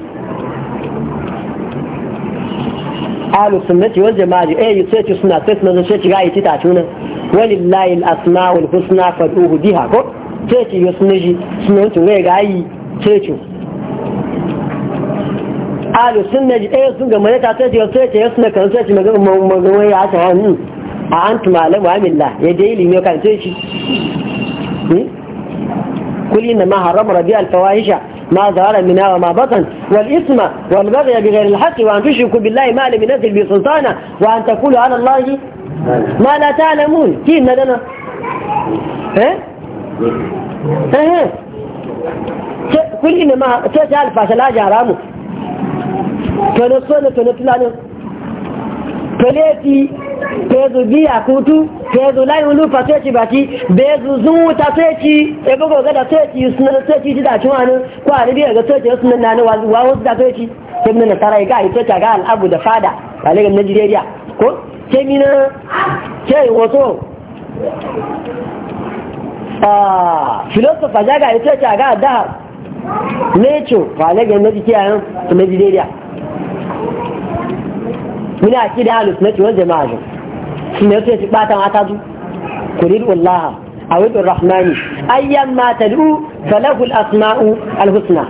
ahlus sunnati wal jama'a eh sai ci suna sai suna sai kiga ya ci tacu ne walillahi al-asma'ul husna fad'uhu biha ko sai ci yo sunji sunan to ga yi sai ci ahlus sunna eh sun ga mai ta sai ci sai ci suna kan sai ci magana magana ya ta hannu a an tumalan mu'amillah ya je ilimi ya kan shi kuli na ma haram rabi alfawahisha ma zahara mina wa ma batan wal isma wal baghy bi ghayri al haqqi wa an tushriku billahi ma lam yunzil bi sultana wa an taqulu ala allahi ma la ta'lamun kin na dana eh eh kuli na ma ta ta alfa salaja haramu to ne so ne to ne tulani to bezu biya kutu bezu layin lufa sai ci baki bezu zun wuta sai ci ya bugo ga da sai ci sunan sai ci da cin ne ko a ribiya ga sai ci sunan na ne wa wasu da sai ci sai mun nasara ga ita ta ga al'abu da fada ba ne ga Najeriya ko sai min sai wato ah philosopher jaga ita ta ga da nature ba ne ga Najeriya Najeriya muna da halus na wal jama'a sunna yake ci batan ataju kurid a awid rahmani ayyan mata du falahu al-asma'u al-husna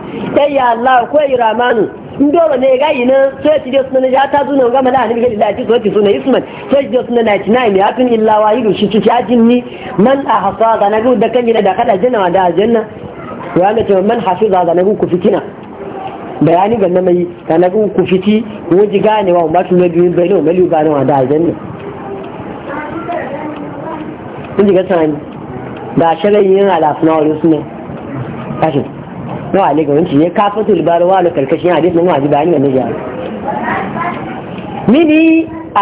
ayya allah ko yi ramanu in dole ne ga yina sai ci da suna ya ta zuna ga mala annabi sallallahu alaihi wasallam suna isman sai da suna 99 ya tun illa yi shi ci ajin ni man a hasa ga na gudu da kan da kada jina da janna wa ana ce man hafiza ga na gudu ku fitina bayani ga namayi ta na ku fiti wajen gane wa ba tun biyun bai ne wa maliyu wa da aljanna kun ji gasa ne da shalai yin alaf na wani sunan kashi na wale ga wanci ne kafin tulbaru wa karkashin hadis na wajen bayani ga jiya mini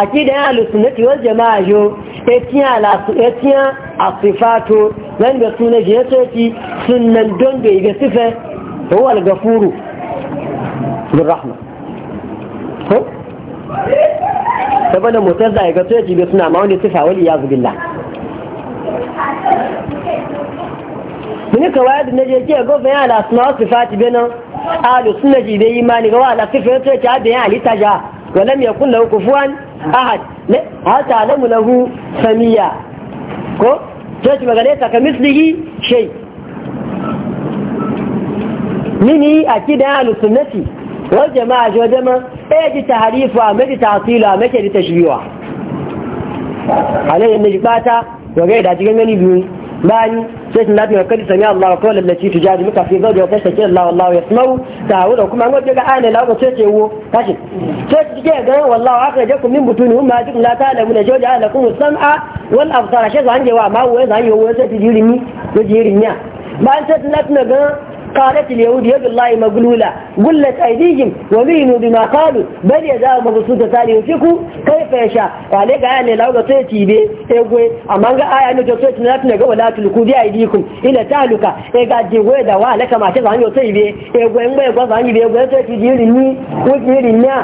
a ke da yana lusunati wajen jama'a jo etiyan asifato zan da suna jiya soki sunan don bai ga sife هو الغفور bin rahma ko saboda motar da ga tsoye jibe suna ma wani tufa wani ya zubin la mini waya da na je ke gobe yana da suna wasu fati bena alu suna jibe yi ma ni ga wala tufa ya tsoye ta bayan halitta ja walam ya kulla kufuwan ahad ta alamu lahu samiya ko tsoye magana ta ka mislihi shai mini akida al-sunnati wal jama'a jodama eji tahrifu amadi ta'til amake di tashbiwa alayhi najbata wa gaida cikin gani biyu bani sai sun lafiya kadi sami Allah ko lallaci tujadi muka fi zaujo kai sai Allah wallahi yasmau ta'awuda kuma ngoje ga ana la ko sai wo kashi sai kike ga wallahi aka je ku min butuni umma jikum da ta'lamu la jawja alakum sam'a wal absara shi zanje wa ma wo zanje wo sai tijirimi ko jirimiya bayan sai sun lafiya ga قالت اليهود يد الله مغلولة قلت أيديهم ومينوا بما قالوا بل يزاو مبسوطة تالي وفكوا كيف يشاء وعليك آية اللي لو قطيتي بي إيقوي أما أنك آية أنك قطيت نفنا ولا تلقوا بأيديكم إلى تعلق إيقا ديقوي دواء لك ما شفت عني قطيت بي إيقوي مبي قطيت عني بي إيقوي قطيت ديول الني وكيل الني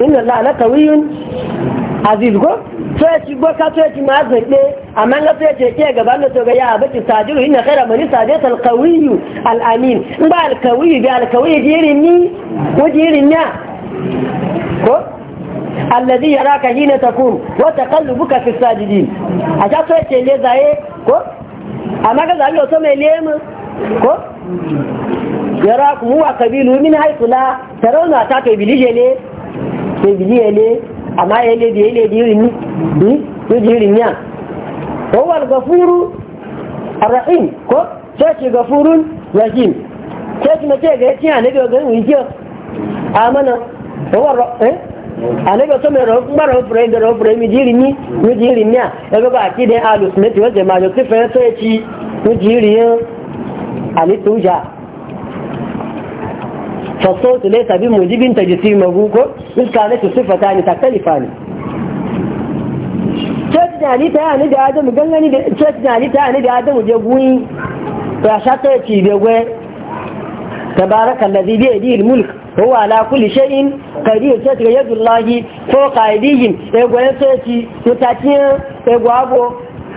إن الله لقوي aziz ko so ya ci ka so ya ci ma zaɓe amma na so ya ce ke gaban da soga ya abaci sajiru ina kaira mani sajiyar alkawiyu al'amin in ba alkawiyu bi alkawiyu jiri ni ko jiri ya ko alladhi yaraka hina takum wa taqallubuka fi sajidin a ta so ya ce le zaye ko amma ga zaɓe wato mai lemu ko yara kuma wa kabilu min haitu la tarauna ta kai bilije ne kai bilije ne amma ya lebe ya lebe yiri ni ni ji yiri niya wawal gafuru rahim ko sai gafurun rahim sai ki mace ga yaci annabi ga ganin wiyo amana wawal eh annabi so mai rawu kuma rawu furai da rawu furai mi jiri ni mi jiri niya ya ga ba ki da ahlus sunnati wal jama'a to sai sai ci mi jiri ya ali tuja فالصوت ليس بموجب تجسيم ابوكو ان كانت صفه ثانيه تختلف عنه تجدني ثاني دي ادم غنني تجدني ثاني دي ادم جوي يا شاطئ تي دوي تبارك الذي بيديه الملك هو على كل شيء قدير تجري يد الله فوق ايديهم يقول سيتي وتاتين يقول ابو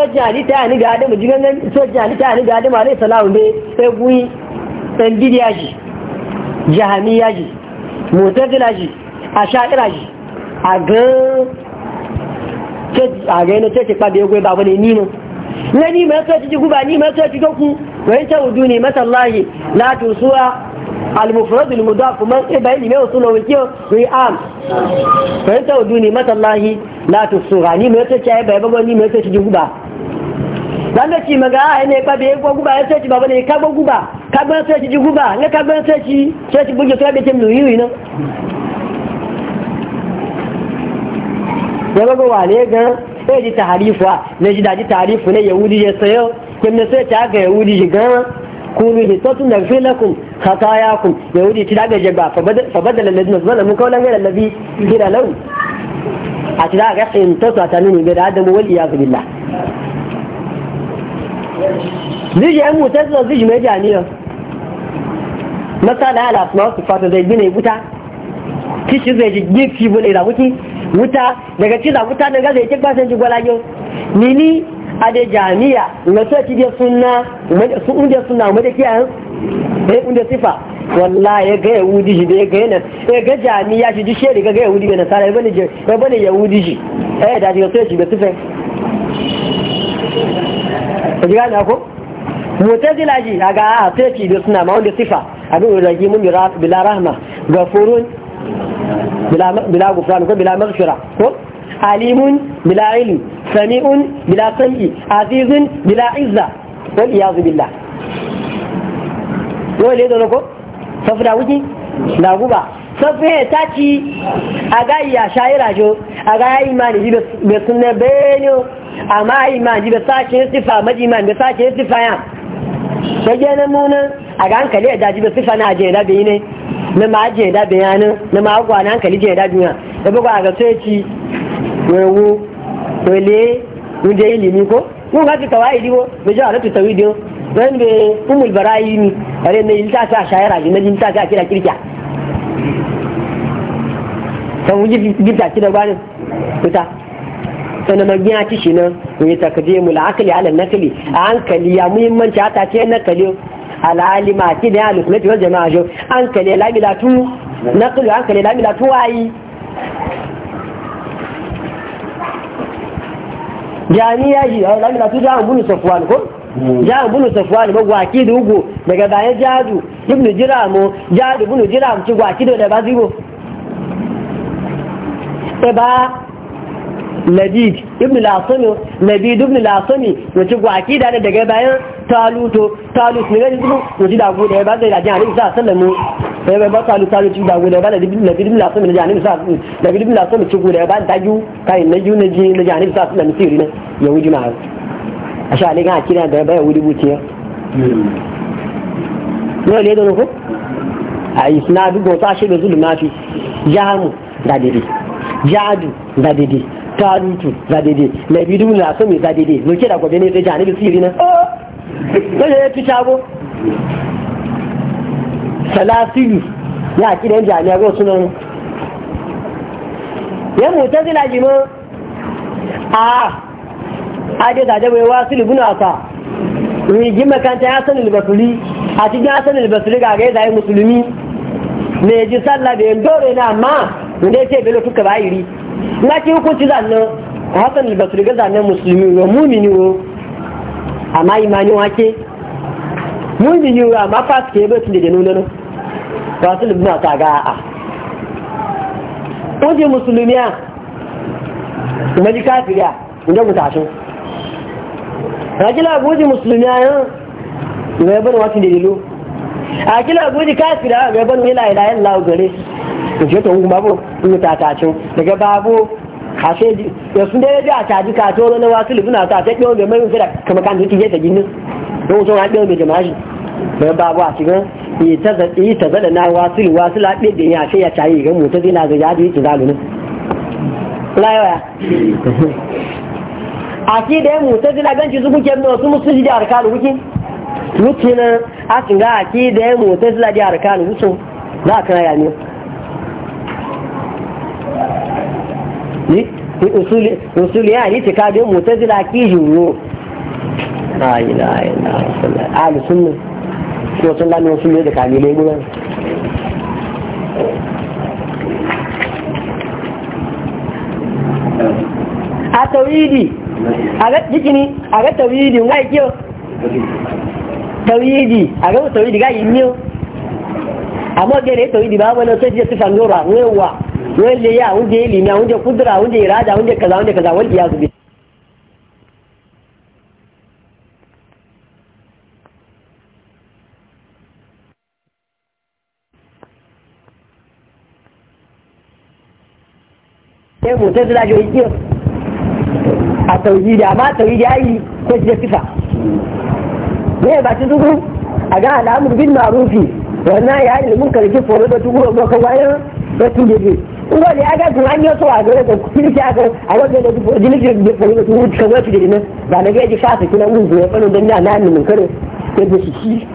sojin halitta ni ga adamu jigangan mu halitta ya ni ga adamu alai salamu ne sai gui ji ji mutazila ji a ji a ga ce ce da ya babu ne nino ni mai soci ji guba ni mai soci goku Wai ta wudu ne masallahi la tusuwa المفرد المضاف من قبل ما وصول وكيو ريام فانت ودوني مت الله لا تسوغاني ما تشاي بابا ما تشي جوبا zanda ci maga a eh, ne ba bai ko guba ya sai ci baba ne ka guba ka ban sai ci guba ne ka ban sai ci sai ci buge bai ga ga sai ji ah. ne ji daji ne yahudi ya sayo kin ne sai yahudi ji ga kunu khatayakum yahudi ti daga jaba fa badala ladina zalamu qawlan ghayra alladhi qila lahu a ti daga in tasu ta nuni ga da adamu wal ziji ‘yan mutazila ziji mai janiyar masala ala suna wasu fata zai gina wuta kishi zai ji gifi bude da wuki wuta daga ci da wuta daga zai kik basan ji gwalagen nini a da jami'a na so ki da suna su unde suna mu da kiyayen eh unde sifa wallahi ya ga yahudi shi da ya ga yana ya ga jami'a shi ji sheri ga ga yahudi ga nasara ya bane ya bane yahudi shi eh da ji so ki da sifa ku ji gane ko mutazila ji a ga a tafi da suna ma wanda sifa abin uragi mun bila rahma gafurun bila gufran ko bila maghfira ko alimun bila ilm sami'un bila sam'i azizun bila izza wal iyazu billah wai le da ko da wuki da guba safiya ta ci a ga iya shayira jo a ga ya imani bai suna benin amma imani bai sake sifa maji imani bai sake sifa ya sai na munan a ga hankali ya daji bai sifa na ajiye da bai ne na ma ajiye da bayanin na ma agwa na hankali jiye da duniya da a ga sai ci wewu wele wunde ilimi ko mun ga tawa idi ko bai ji alatu tawidi ko dan be umul barayi ni are ne ilta ta shayira ne ilta ta kira kirkiya sanwó gíga ci da gwanin wuta sannan magin ci shi nan wani takaje mu la'akali ala nakali a hankali ya muhimmanci hata ce nakali al'alima ki da alu kuma tiwar jama'a shi hankali lamila tu nakali hankali lamila tu wayi ya shi a lamila tu jami bunu safuwan ko jami bunu safuwan ba gwaki da ugo daga bayan jadu ibnu jiramu jadu bunu jiramu ci gwaki da ba zibo ba labid ibn lasani labid ibn lasani wace gwaki da daga bayan taluto talut ne gani zuwa wace da gudu ba zai dajin hannun sa sallamu sai bai ba talut talut ci da gudu ba labid ibn lasani na jihannun sa labid ibn lasani ci gudu ba ta kai na ju na ji na jihannun sa sallamu siri na yahudi ma a sha ne gan akira da bayan wuri buciya ne ne da nuku a isnadu gota shi da zulmafi jahamu da dare jadu da dede talutu da dede labidu na so mai da dede no kira gobe ne sai janibi sirri na oh sai ya shago salasiyu ya kidan jami'a go sunan ya mutazila jima a ade da jabe wasil ibn asa rigi makanta ya sanil basuli a cikin asanil basuli ga ga da musulmi ne ji sallah da yin dore na amma wanda ya ce bello tuka bayiri na ke hukunci zannan hassan albasri ga zannan musulmi wa mumini wo ma imani wake mumini wo amma fasu ke bai tunde da nuna nan su libna ta ga a wajen musulmi a maji ji kafiriya inda mutashin rajila goji musulmi a yan ga yabar wasu da a kila goji kafiriya ga da wila ilayen lagare nje to kuma bo in ta ta cin daga babu kashe ji ya sun dai da ta ji ka to na wasu libna ta ta kiyo mai mun da kamar kan duki je ta ginin don so ha kiyo mai jama'a shi daga babu a cikin yi ta yi ta zada na wasu wasu labe da ya ce ya tayi ga mu ta zina ga yadi ki zalu ne laiwa a ki da mu ta zina ganci su kuke da su musu da arkalu kuke mutuna a cikin ga ki da mu ta zina da arkalu kuke za ka ya ne usuli ya yi cika da mutazila ki juro la ilaha illallah ahli sunna ko sun lami usuli da kamilai gudan a tawidi a ga jikini a ga tawidi ngai kiyo tawidi a ga tawidi ga yinyo amma gare tawidi ba wani sai ya wanda ya wunje ilimi wunje kudura wanda wunje irada wunje kaza wunje kaza wanda ya zube sai mutum da lajo ikiyo a tauri da ma tauri da yi ko shi da sifa ne ba ci dubu a ga alamun bin ma'rufi wannan ya yi ilmin karfi foro da tukuro ba kawai ya tun da biyu kuma da ya ga kun an yi so a gare ko a wajen da jini da wuce da ba na ga fano na min kare da shi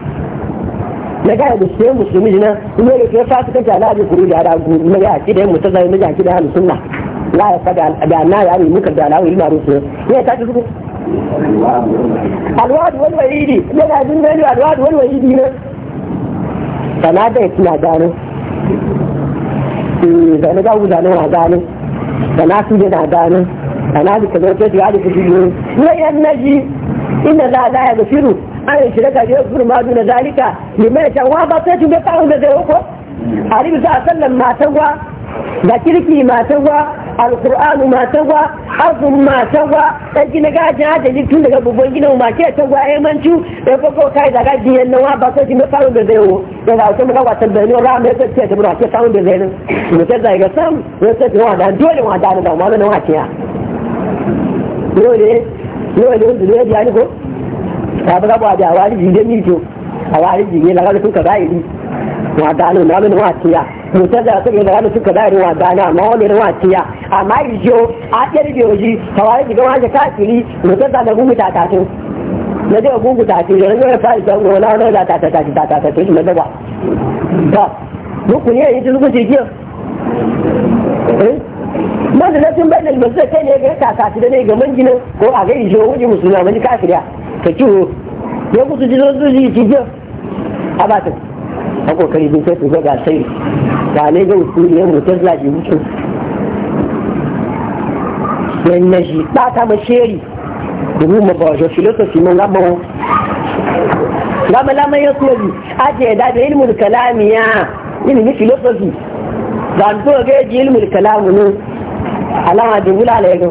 na da musulmi jina kuma ke da na ki da mu ta zai yi ja ki da sunna la ya fada da na ya muka da lawo rusu ta alwadu wal walidi yana jin da alwadu wal ne sanada ina gano zane ga zane wa wadanin da na su da wadanin da na duka da wata shiga da kuɗi ne na yan naji inda za a daya ga firu an yi shirka da yau gurma da zalika limai can wa ba sai tumbe kawo da zai uku a ribi za a sallan matan wa da kirki matan wa alkur'anu ma tagwa arzun ma tagwa dan gina gajin tun daga babban gina ma ke tagwa ya eh, mancu ya fago kai daga biyan nawa ba sai kin da samu da zai wo da ga mai ce da zai ga dole da ma ne wa kiya dole dole dole ya ni ko ta ga wani jinde a wani mutaja su ga da suka da ruwa dana amma wani ruwa amma ijo a ɗan biyoji kawai ki gama ka kafiri mutaja da ta tato na da gumu ta tato da na ta ta ta ta ta ta ta da ba ba ne yi duk ji ji eh mazu na tun bayan albasu kai ne ga ta ta da ne ga manjina ko a ga ijo wani musulma wani a, ta ciwo ya mutu ji zo ji ji a ba ta a kokari bin sai su ga sai ba ne ga usuli yan mutar zaɓi mutum na shi ba ta ma sheri domin ma ba wajen filosofi mun wa lamar ya da da ilmul kalami ya filosofi ba ga ilmul ne alama da ya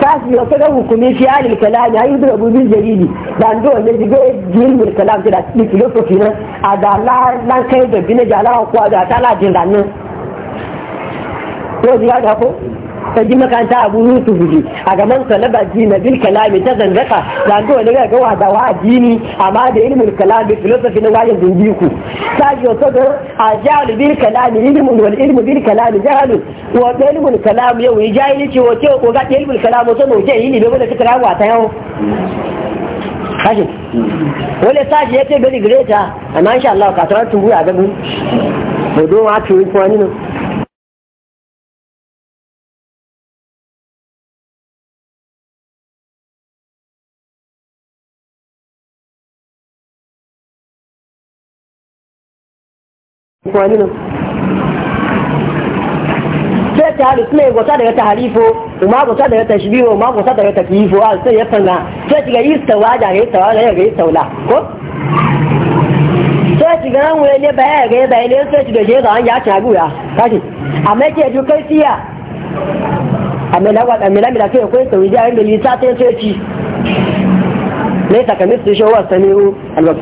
kasi wa kaga hukumi fi alil kalam ya yudu abu bil jaridi dan do ne diga jil bil kalam da cikin philosophy na ada la lan kai da bina jala ko a tala jin dan ne ko diga da ko ta ji makaranta abu rutu huji a gaban salaba ji na bil kalami ta zangaka da zanto wani ga wa da wa addini amma da ilmin kalami filosofi na wajen dindiku ta ji wato da a jahal bil kalami ilmin wal ilmu bil kalami jahalu wa ilmin kalami yau yi jahilci wa ce ko ga ilmin kalami wato ne yi ne bai da kitara wa ta yau kashi wale sashi ya ce gari greta amma insha Allah ka tsara tumbuya ga mu don wa tuwi ko wani ne wani nan sai ta halu suna gwata daga ta halifo ma gwata daga ta ma gwata daga ta kifo a sai ya sai shiga yi da yi da yi ko sai shiga ne ga ya bayan sai shiga je ga ya kashi ke ju kai siya amma la wada mila mila kai ya yi milita sai sai ci ne shi wa samiu al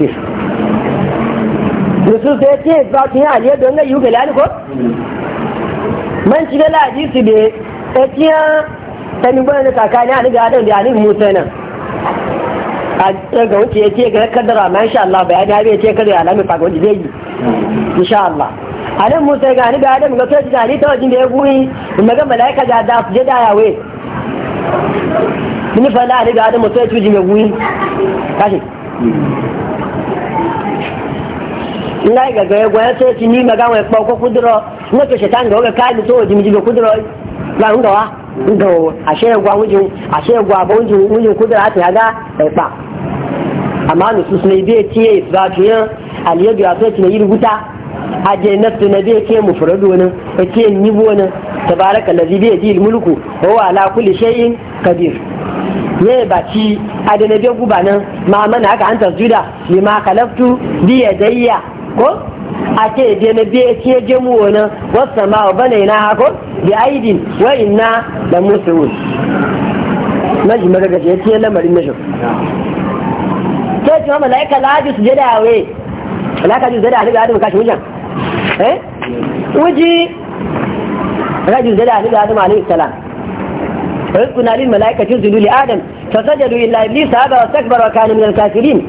yusuf sai ce ba su yi aliyar don gai yuga lani ko man shiga laji su be tsakiya ta ni bane tsakani a niga adam da a niga musa nan a e ga wuce ya ce ga kaddara ma insha Allah bai e e ga bai ce kada ya alami fa ga zai yi insha Allah a nan musa ga ni ga adam ga sai ga ni ta wajen da ya guyi kuma ga malaika ga da su je da yawe ni fa la ni ga adam sai ya guyi kashi nga e e ga ga ga sai ci ni maga wai ko ko kudro na to shetan ga ga kai to ji mi ga kudro ga nga wa nga a she gwa wujin a she gwa ba wujin wujin a ta ga sai ba amma ni su ne be tiye ba tiye aliyu ya sai ci ne yi rubuta a je e nafsu na be ke mu furado nan ke ke ni bo nan tabaraka allazi bi yadi mulku wa ala kulli shay'in qadir ye ba ci adana be guba nan ma mana aka hantar juda lima kalaftu bi yadayya ko a ce je na biye ce je mu wani wasu sama wa bane na hako bi aidin wa inna da musu wun na ji maka gaje ce lamarin na shi sai cewa malaika laji su je da we malaika ji su je da hannu adam kashi wujan eh wuji raji su je da hannu adam alayhi salam kuna lil malaikati zulu li adam fasajadu illa iblis aba wastakbara wa kana min al kafirin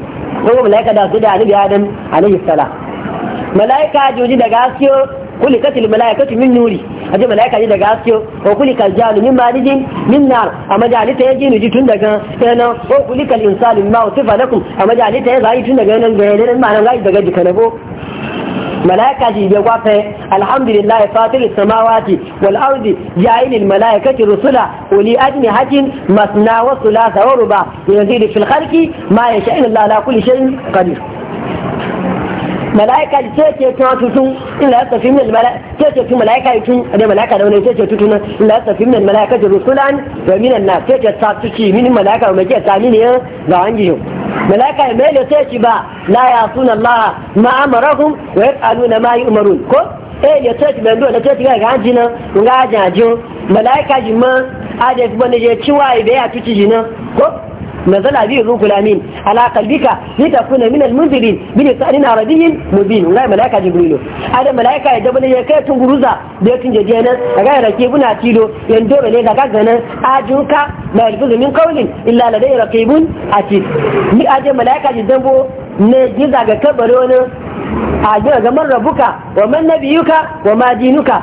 ko malaika da su da hannu adam alayhi salam malaika ji waje daga asiyo kuli katil malaikatu min nuri aje malaika ji daga asiyo ko kuli kal janu min marijin min nar amma jali ta yaji ni tun daga kana ko kuli kal insanu ma utifa lakum amma jali ta yaji tun daga nan ga nan ma nan ga daga dikanabo ملائكة جوافة الحمد لله فاطر السماوات والأرض جاعل الملائكة رسلا ولي أجنحة مثنى وثلاث وربع يزيد في الخلق ما يشاء الله على كل شيء قدير malaika ce ce ta tutun illa tafi min malaika ce ce tun malaika yi tun da malaika da wani ce ce tutun illa tafi min malaika da rusulan da min na ce ce ta tuci min malaika mai ke tani ne eh, ya ga an giyo malaika mai da ce ci ba la ya suna Allah ma amarahum wa yaqaluna ma yu'marun ko eh ya ce ci ban do da ce ci ga ga jina ga jajo malaika ji ma a da ne ce ciwa da ya tuci jina ko nazala bi ruhul amin ala qalbika litakuna min almunzirin bi lisanin arabiyyin mubin ga malaika jibril ada malaika ya dabana ya kai tunguruza da ya tunje jena daga rake buna tilo yan dole ne daga ganin ajunka ma yalfuzu min qawlin illa ladai raqibun atid ni aje malaika ji dambo ne giza ga kabaro ne a ga man rabuka wa man nabiyuka wa ma dinuka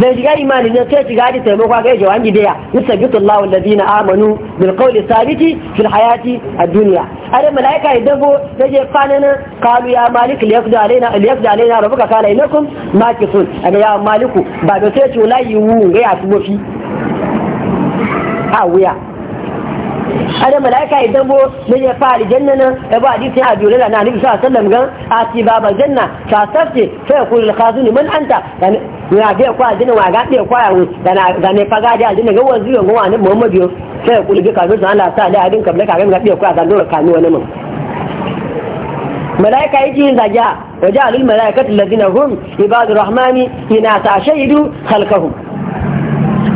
zai shiga imani ne sai shiga ji taimako ga jawan gidiya yusabitu Allahu alladhina amanu bil qawli sabiti fil hayati ad-dunya are malaika idan go sai je fanana qalu ya malik liyafda alaina liyafda alaina rabbuka kana ilakum makisun aga ya maliku ba da sai tula yiwu ga ya tubo fi a wuya ada malaika idan bo ne ya fa aljanna nan ya ba hadisi a dole na nabi sallallahu alaihi wasallam gan ati baba janna ta tafce sai ya kullu khazuni man anta ya ga kwa jini wa ga ɗe kwa yawo da ne faga da jini ga wanzu yan wani muhammadu yau sai ya kulge ka zuwa Allah ta da ajin kabla ka ga ɗe kwa zan dole kanu wani mun malaika yi yin zagiya وجعل الملائكة الذين هم عباد Ina إناثا شهدوا halkahu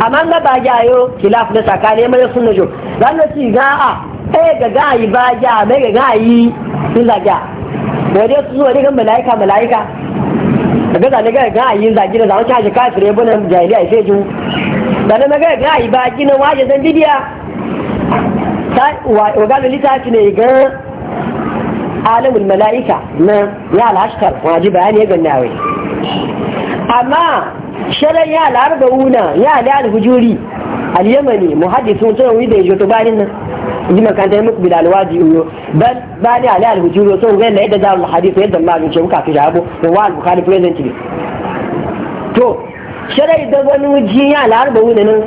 amma ga ba yo na sakane mai sunna jo dan ci ga a eh ga ga yi ba mai ga ga yi da ga ja wanda su zo malaika malaika ga zane ga ga yin zagi da zawon zaman kaje kafire bana jahiliya sai ju dan na ga ga yi ba gina waje zan bidiya ta wa ga fi ne ga alamul malaika na ya al waje bayani ya ga wai amma shirin ya al-arba'una ya al-hujuri al-yamani muhaddisun wuyi da jotobanin nan ji makaranta muku bil alwaji yo bal bani ala al hujuro so ga la yadda da al hadith yadda ma ga cewa kafin jabo to wa al bukhari present ne to sharai da wani ji ya al arbawu ne nan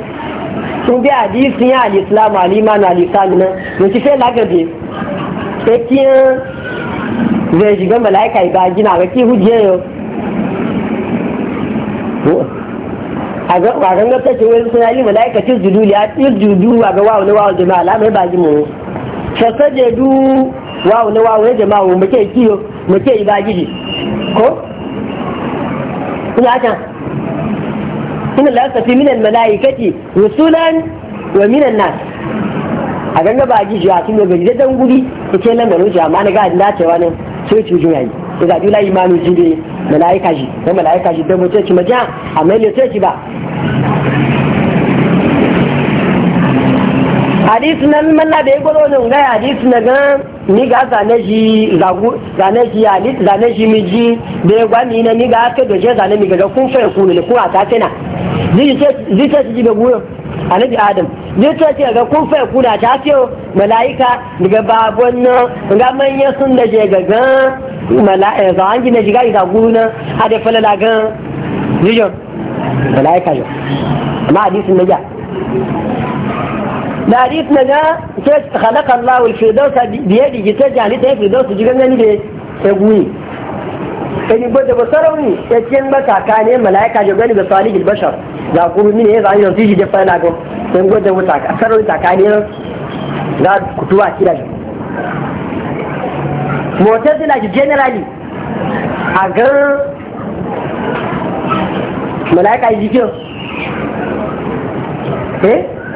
sun bi hadisi ya al islam al iman al islam nan mun ci sai lagabe sai kiyan zai shiga malaika ba gina ga ki hujje yo a ga ƙwaron wani suna yi mala'ika cin judu ya cin judu a ga wawo na wawo jama'a lamai ba ji mu sassa jedu wawo na wawo na jama'a mu muke kiyo muke yi ba gidi ko ina can ina lasafi minan mala'ikati rusulan wa minan nas a ganga ba gidi a cikin gaji da dan guri ta ce nan da nuce amma na ga da cewa ne sai cujin yayi ko ga dula imanu jibe malaika ji ko malaika ji dabo ce ki maja amma ne ce ki ba hadisi nan manna da ya gwaro ne ga hadisi na ga ni ga zane ji zagu zane ji ali zane ji mi ji da gwa ni ne ni ga ka do zane mi ga kun fa ku ne ku ata tena ni ce ni ce ji be buyo anabi adam ni ce ce ga kun fa ku da ta ce malaika daga babon nan ga manya sun da je ga ga malaika za an ji ne ji ga ga guna a da falala ga jijo malaika jo amma hadisin da ya da hadith na ga sai khalaqa Allahu al-firdaus bi yadihi ta jali ta firdaus ji da ya guyi kani basarauni ya cikin ne malaika ga gani salihul bashar ya da fara ga sai sarauni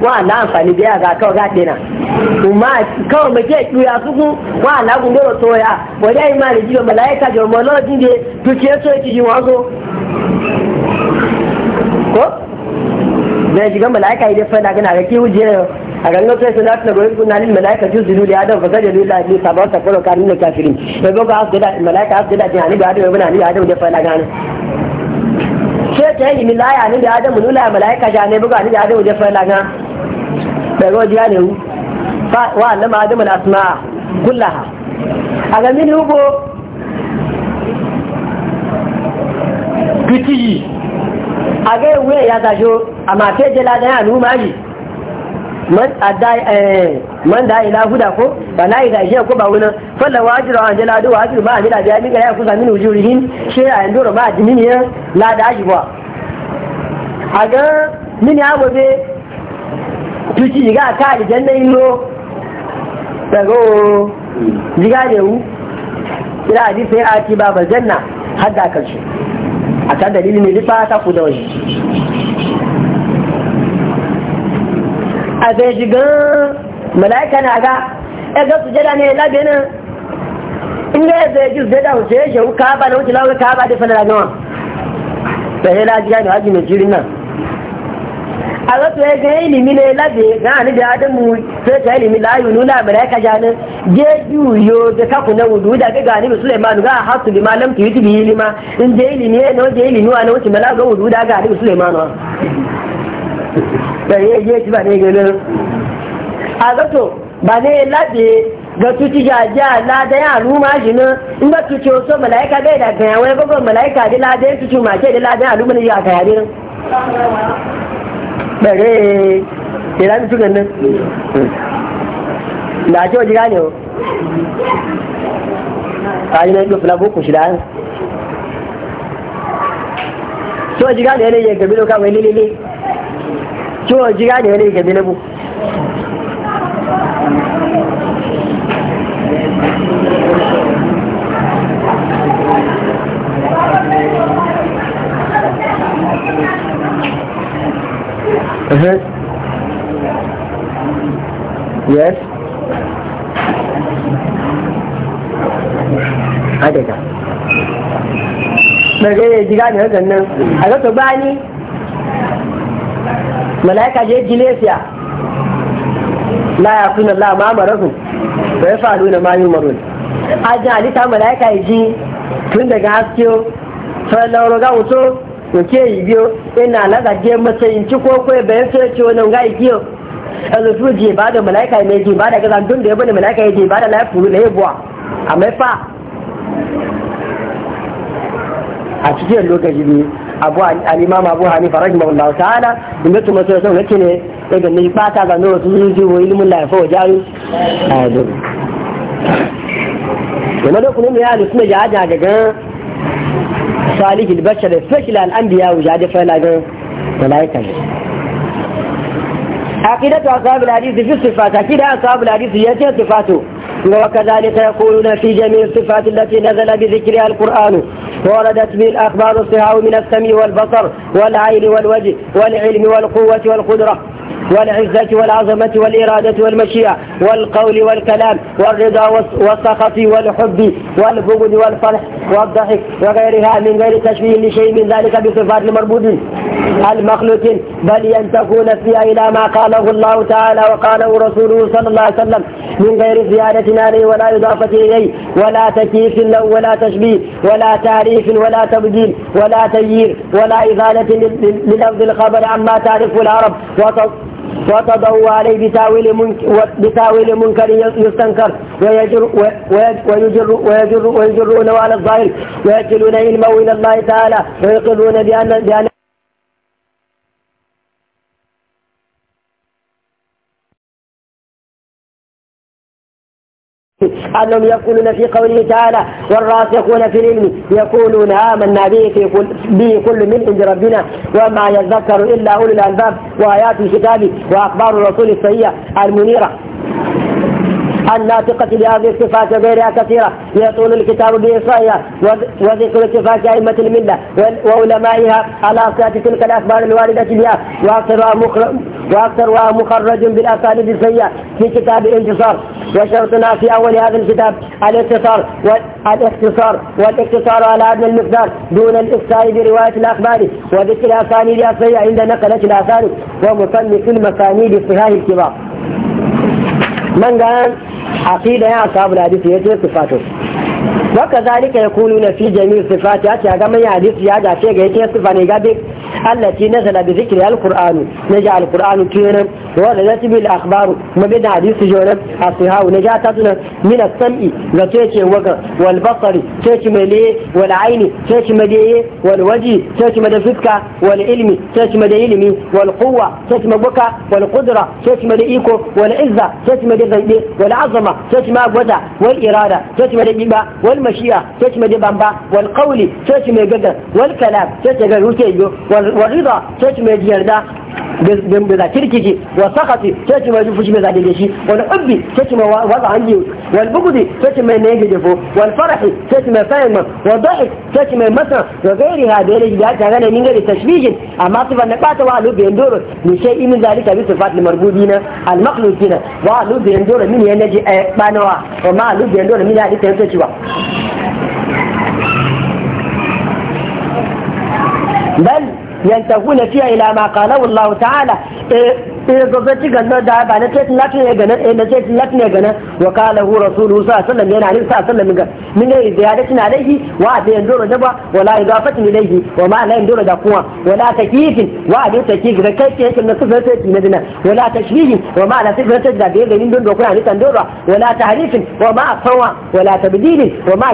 wa ala amfani da yaga kawai ga tena kuma kawai mace tuya suku wa ala gungoro toya wani ayi mali jiwa malaika jiwa malojin ne tuke so yake jiwa zo ko zai shiga fada gana ga kiwu jiya a ranar sai su lati na goyi kuna lil malaika ju zulu da adam fasar da lula ne sabon safaro kanin da kafirin bai boga asu da malaika asu da da adam ya bana da adam da fada gana sai ta yi milaya ni da adam nula malayaka ja ne buga ni da adam da fada gana daga wajiya ne hu wa na adamu na asma kullaha a ga mini hugo kiti a ga yi ya tashi a mafe jela da ya numa yi eh, man da ila huda ko ba na yi da ishe ko ba wuna falla wa ajira an jala do ajira ma ajira da min ga ya kusa min ujurihin shi a yanzu ba ma ajmini la da ajiba a ga mini ya tuci jiga ka na ilo daga o jiga da wu ila a hadisi ya ati babal janna har da karshe a kan dalilin ne lifa ta ku da wani a zai jigan mala'ika na ga ya ga jada ne labenin nan inda ya zai ji sujada wuce ya shehu ka ba na wuce lauka ka ba da fana da gawa da ya lajiya da hajji mai jirin nan a zato ya ga ilimi ne labe ga ani da adamu sai ta ilimi la yunu la malaika jani je yuyo da kaku na wudu da ga ma Sulaiman ga hasu bi malam ti yi bi ma. in je ilimi ne je ilimi wa ne wuce malaika wudu da ga ani Sulaiman wa bai ye ye ti ba ne ga ne a zato ba ne labe ga tuci jaja lada ya ruma shi nan in ba tuci wasu mala'ika bai da kayan wani babban mala'ika da lada ya tuci mace da lada ya ruma ne ya kayan bẹ̀rẹ̀ ìlànà tó gẹ̀ẹ́ náà àti ni ó ayé náà ló fi tí ni ẹlẹ́yẹ ló káwọn tí ni ẹlẹ́yẹ Uh-huh. Yes? Adega. Bẹ̀rẹ̀ yẹ jira ni ọ̀gàn náà. Àgọ́tọ̀ bá ní. Màláìka jẹ́ la léfìá. Láyà fún Allah máa mọ̀rọ̀kùn. Bẹ̀rẹ̀ fàánù na máa yún mọ̀rọ̀. Ajá àlítà mala'ika yìí tun daga haske. Fẹ́ lọ́rọ̀ gáwùtó. ke yi ina laga je matsayin ci ko ko bayan sai ce wannan ga ikiyo azu su je ba da malaika ne je ba da gazan dun da ya bani malaika ya je ba da lafu ne buwa amma fa a cikin lokaci ne abu al-imam abu hanifa rahimahullahu ta'ala inda tuma sai sun ne daga ne ba ta zanu wasu zuji wa ilmin lafa wa jaru a yadda yana da kuma ya alu suna jaja daga salih al-bashar especially al-anbiya wujade falagan malaika ne aqidatu ashab al-hadith fi sifat aqida ashab al-hadith yace sifatu fi jami' sifat allati nazala bi dhikri al-qur'an وردت به الأخبار الصحاح من السمع والبصر والعين والوجه والعلم والقوة والقدرة والعزة والعظمة والإرادة والمشيئة والقول والكلام والرضا والسخط والحب والبغض والفرح والضحك وغيرها من غير تشبيه لشيء من ذلك بصفات المربوط المخلوق بل أن تكون فيها إلى ما قاله الله تعالى وقاله رسوله صلى الله عليه وسلم من غير زيادة عليه ولا إضافة إليه ولا تكييف له ولا تشبيه ولا تعريف تحريف ولا تبديل ولا تغيير ولا إغالة للفظ الخبر عما تعرف العرب وتضوى عليه بتاويل منكر, بتاويل منكر يستنكر ويجر ويجر ويجر ويجرون على الظاهر ويكلون علمه الى الله تعالى ويقرون بان بان أنهم يقولون في قوله تعالى والراسخون في العلم يقولون آمنا به كل به كل من عند ربنا وما يذكر إلا أولي الألباب وآيات الكتاب وأخبار الرسول الصحيحة المنيرة الناطقة بهذه الصفات وغيرها كثيرة يطول الكتاب بإصرائها وذكر صفات أئمة الملة وعلمائها على صحة تلك الأخبار الواردة بها وأكثرها وأكثرها مخرج بالأساليب السيئة في كتاب الانتصار وشرطنا في أول هذا الكتاب الاختصار والاختصار والاختصار على هذا المقدار دون الإفتاء برواية الأخبار وذكر أسانيد السيئة عند نقلة الأسانيد ومصنف المسانيد الصحاح الكبار man ga aqida ya ashabul hadith yace sifatu waka zalika yakununa fi jami'i sifati ya ce ga man hadith ya ga ce ga yace sifa ne ga bi allati nazala bi zikri alquran naja alquran kiran وردت به الأخبار ما بين حديث جونس أصيها ونجاتنا من السمع لتيتي وقع والبصر تيتي مليه والعين تيتي مديه والوجه تيتي مدى فتكة والعلم تيتي مدى علمي والقوة تيتي مبكة والقدرة تيتي مدى إيكو والعزة مدى والعظمة والإرادة مدى إيبا والمشيئة مدى بامبا والقول مدى والكلام تيتي مدى والرضا مدى bai za kirkice wa sakati sai ki mai fushi bai za dade shi wal ubbi sai ki mai waza hanji wal bugudi sai ki mai ne gaje fo wal farahi sai ki mai fahim wa dahik sai ki mai masa wa gairi ha da yake da ta gane nin gari tashbihin amma su ban bata wa alu bayan doro ni sai imin zalika bi sifat al marbudina al makhluqina wa alu bayan doro min yana ji banawa wa ma alu bayan doro min ya dita yanke ciwa bal yantahuna fiya ila ma qala wallahu ta'ala eh gobe ci ganna da ba na ce latin ya gana eh na ce latin ya gana wa qala hu rasuluhu sallallahu alaihi wasallam yana ni sallallahu alaihi wasallam min ne ziyada tana alaihi wa da yandoro da ba wala idafatin ilaihi wa ma la yandoro da kuma wala takifin wa da takif da kai ce na sufa ce na dina wala tashbihi wa ma la da da ni wala tahrifin wa ma sawa wala tabdilin wa ma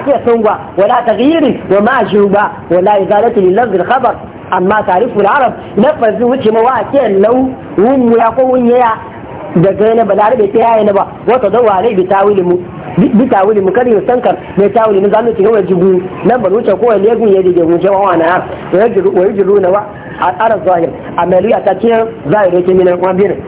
wala taghyirin wa ma juba wala lil khabar amma tarifu da arab lafazi wuce ma wa ke lau wun ya ko wun ya daga yana ba larabe ta yaya na ba wata dawa alai bi tawili mu bi tawili mu kar yusankar bi tawili mu zamu tiga wajibu nan ba wuce ko ne gun ya dige gun jawa na ya wajiru na wa a arab zahir amma ya ta ce zahiru ke minan kwabirin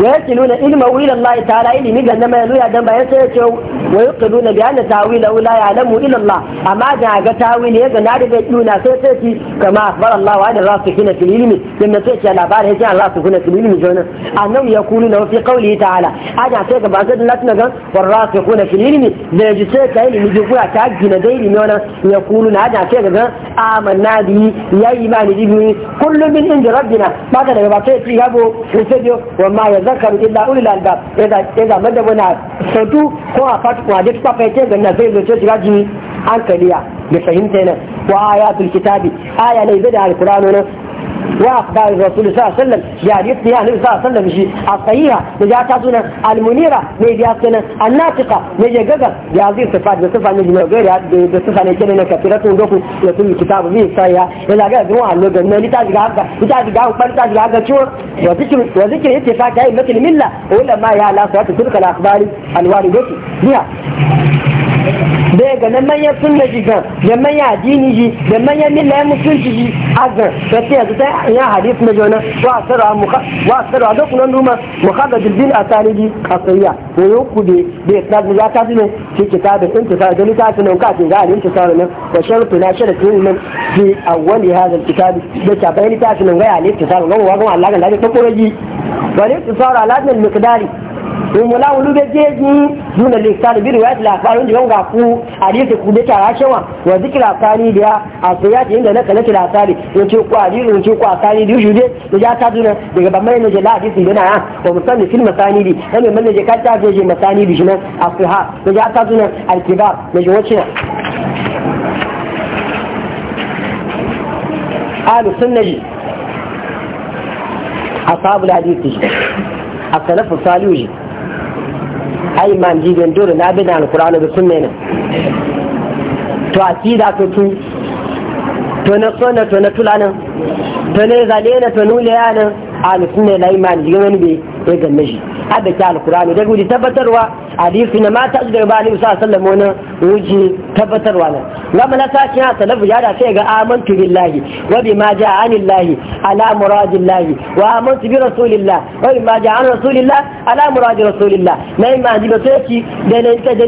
ويكلون علمه إلى الله تعالى إلي مجا نما يلويا دنبا يسيتو ويقلون بأن تاويله لا يعلم إلا الله أما جاء تاويل يجا نعرف يتلونا سيتي كما أخبر الله عن الراسخين في العلم لما سيتي على بار هجي عن الراسخين في العلم جونا أنهم يقولون في قوله تعالى أجا بأسد الله تنقى والراسخون في العلم زيجي سيكا إلي مجيبوا تاجنا ديلي ميونا يقولون أجا سيكا آمنا به يا إيمان به كل من عند ربنا بعد ذلك بعد سيتي يابو وما يزال zakaru illa ulil albab ya zama da wani sautu ko a fatu kuma da kwafa ya ce ganna zai zo ce shiga jini an kariya da fahimta yana wa ayatul kitabi aya ne zai da alkurano nan واخبار الرسول صلى الله عليه وسلم يعني يا النبي صلى الله عليه وسلم شيء الصحيحه نجا تاتنا المنيره نجا تاتنا الناطقه نجا جدا يا ذي صفات بصفه نجي غير بصفه نجي لنا كثيره ودوكو يتم الكتاب به صحيح اذا جاء جمعه لو جنن لتاج غاب لتاج غاب بل تاج غاب تشور وذكر وذكر اتفاق هاي مثل المله ولا ما يا لا صلاه تلك الاخبار الوارده بها da ga na manyan sunna shi gan da manyan addini shi da manyan milayen musulci shi a gan da ta yanzu ta yan hadis na jona wa asara a dokunan numa mukaga jirgin a tarihi a tsariya ko yau ku da da ya tsari ya ta zine shi ke ta da sun ta da ni ta su nan ga alin ta sa nan da sharfi na shirin tun nan fi awwali hada kitabi da ta bayani ta su ga alin ta sa nan wa ga Allah ga Allah ta koraji wa alin ta sa ala umula wulu da jeji duna lisan bi riwayat da yanga ku hadisi ku da tara shewa wa zikra inda na kala ku ku ta duna ne je hadisi fil masani di ne je ta je masani di asiha ta duna je ashabul hadisi ai man jigen dole na bi da alkur'ani da sunna ne to akida to tu to na na to na tulana to ne zalena to nule yana al sunna la iman jigen ne be ga ganna shi hada alkurani da guji tabbatarwa hadisi na mata su da ba ni musa sallam wani wuji tabbatarwa nan gama na sa kina salafu ya da sai ga amantu billahi wa bi ma ja'a anillahi ala muradillahi wa amantu bi rasulillah wa bi ma ja'a an rasulillah ala rasulillah ma ji da ne ta ta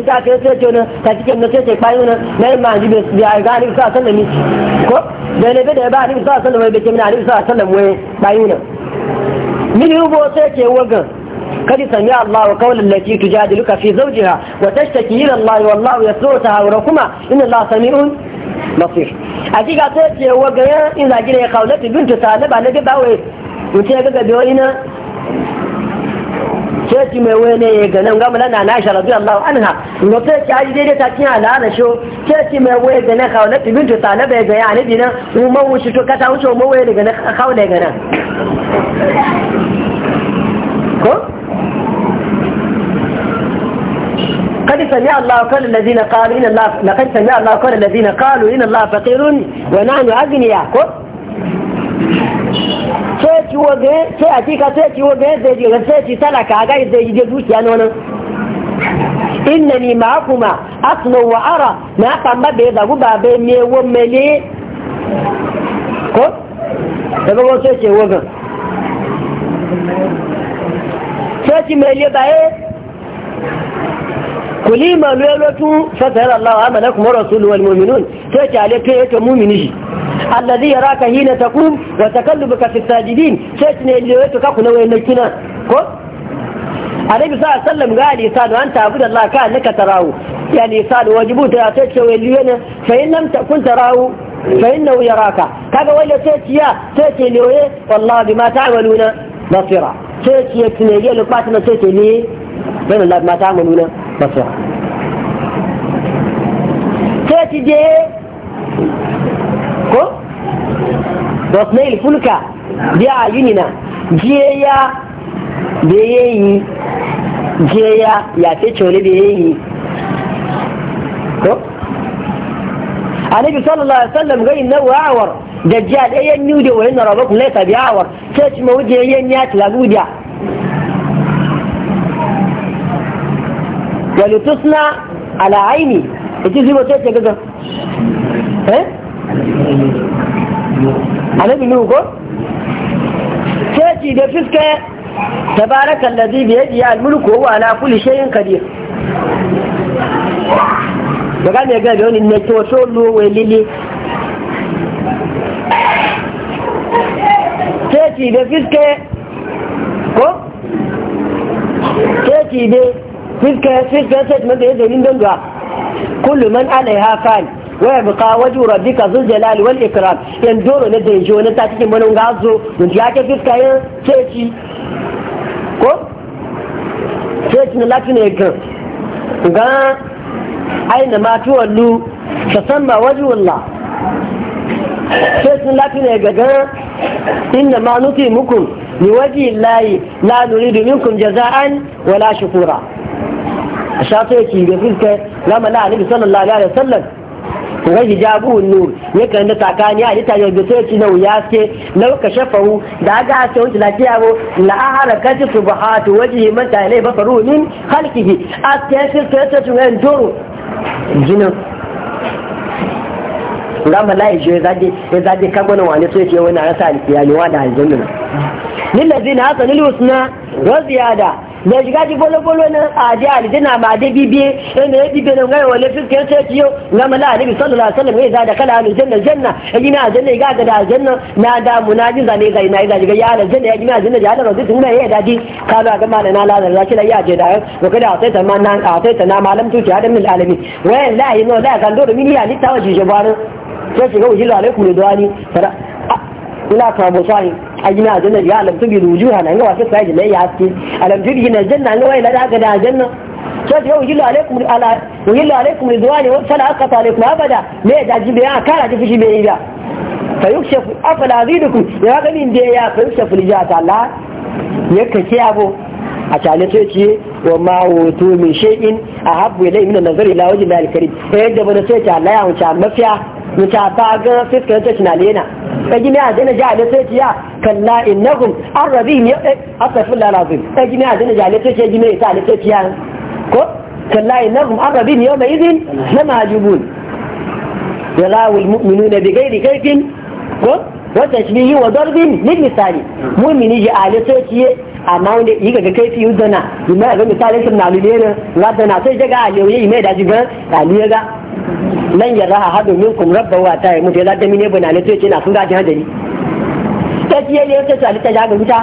ne ta cikin ke kadi samia Allah wa qawlan lati tujadiluka fi zawjiha wa tashtaki ila Allah wallahu yasuta hawra kuma inna Allah samiun basir aji ga ta ce wa ga in za gire qawlati bintu salaba ne ga wai mutai ga ga biyo ina ce ti mai wai ne ga nan ga mulana na Aisha radiyallahu anha no ta ki aji dai ta cin ala na sho ce ti mai wai ga na qawlati bintu salaba ga ya ne dinan mu mu shi to kata wuce mu wai ga na qawle ga nan لقد سمع الله كل الذين قالوا إن الله لقد سمع الله كل الذين قالوا إن الله فقير ونحن أغنياء سيتي وغي سيتي كسيتي وغي زيجي غسيتي سلك أغاي زيجي جدوش يعني أنا إنني معكما أصل وأرى ما قم بيضا غبا بيمي وملي كو يبقى سيتي وغي سيتي مليبا إيه kuli ma lulatu fasara Allah amalakum wa rasuluhu wal mu'minun sai ki ale kai yake mu'mini alladhi yaraka hina taqum wa takallubuka fi sajidin sai ne lewato ka kuna wayan kina ko Annabi sallallahu alaihi wasallam ga lisan an ta'budu Allah ka annaka tarahu ya lisan wajibu ta sai ce wayan yana fa in lam takun tarahu fa innahu yaraka kaga wanda sai ciya sai ce lewaye wallahi bima ta'maluna basira sai ce ne ya lukatuna sai ce ne bayan Allah ma ta'maluna fatwa sai ci je ko wasnail fulka biya a yunina jiya da ya yi jiya ya ce cole da ya yi ko annabi sallallahu alaihi wasallam ga inna wa'awar dajjal ayyan eh, yu da wayan rabbakum laysa bi'awar sai ci mawuje yan ya tilagudiya walitusna ala aini da ci zuba ce gaza eh ko sai ci da fiska tabarakan ladhi bi yadihi al-mulku wa shay'in daga ne ga da wani ne to so lo we lili da ko sai da fiskiyar statement da ya zai don ga kullum man ala ya fani waya buka wajen rabbika zul jalali wal ikram doro na da yanzu wani ta cikin manin gazo mun ya ke fiskiyar ceci ko ceci na latin ekran ga aina ma tuwallu ta samma wajen wallah ceci na latin ekran inna ma nuti mukum ni wajen layi la nuridu minkum jaza'an wala shukura a shafe yake da fiska lama na alibi sallallahu alaihi wasallam wai hijabu nur ya kan da takani a ita da sai ci nau ya ce lau ka shafahu da aga ce wuce lafiya go la ahara kati subhatu wajhi man ta ilai bafaru min halkihi a ce shi ta ce tun en doro jinin ga malai je zaje ya zaje ka gona wani sai ce wani rasa alkiyani wa da aljanna lillazina hasanul husna wa ziyada da shiga ji bolo-bolo na aje aljina ma aje bibiye inda ya bibiye na e gaya e wale fiske ya ce ciyo na mala a nabi sallallahu alaihi wasallam ya e da kala aljanna janna ya gina ya gaga da na da a gama na na lazar ya ya je da kada a sai ma nan a sai na malam tuci a ajina ajanna ya alam tubi rujuha nan ga wasu sai ya ce alam tubi na janna nan wai lada ga da janna to ji yau jilla alaikum ala yilla alaikum ridwani wa sala aqata alaikum abada me da ji be ya ji fushi be ya fa yukshafu afala zidukum ya ganin da ya fa yukshafu lijata Allah ya kace abu a cale to ce wa ma wato mai min a ahabbu ilai min nazar ila wajhi al karim eh da bana sai ta Allah ya wuce mafiya mu ta ba ga fiskar ta lena tunalena kajini a dina jale sai ce ya kalla innahum arrabin ya eh, asafu la lazim kajini a ja jale sai ce ya ta ale sai ya ko kalla innahum arrabin yawma idhin lama jubun yala wal mu'minuna bi ghairi kaifin ko wata shi yi wa darbin min misali hmm. mu'mini ji alisoci amma wanda yi ga kai fiye dana yi mai misali sun na lule ne ga zana sai daga aliyoyi yi mai da jiga aliyoyi ga nan ya raha hadu min kum rabba wa ta yi mutu ya zata mine bana ne to na sun gaji hadari ta fiye ne ta tsali ta ga wuta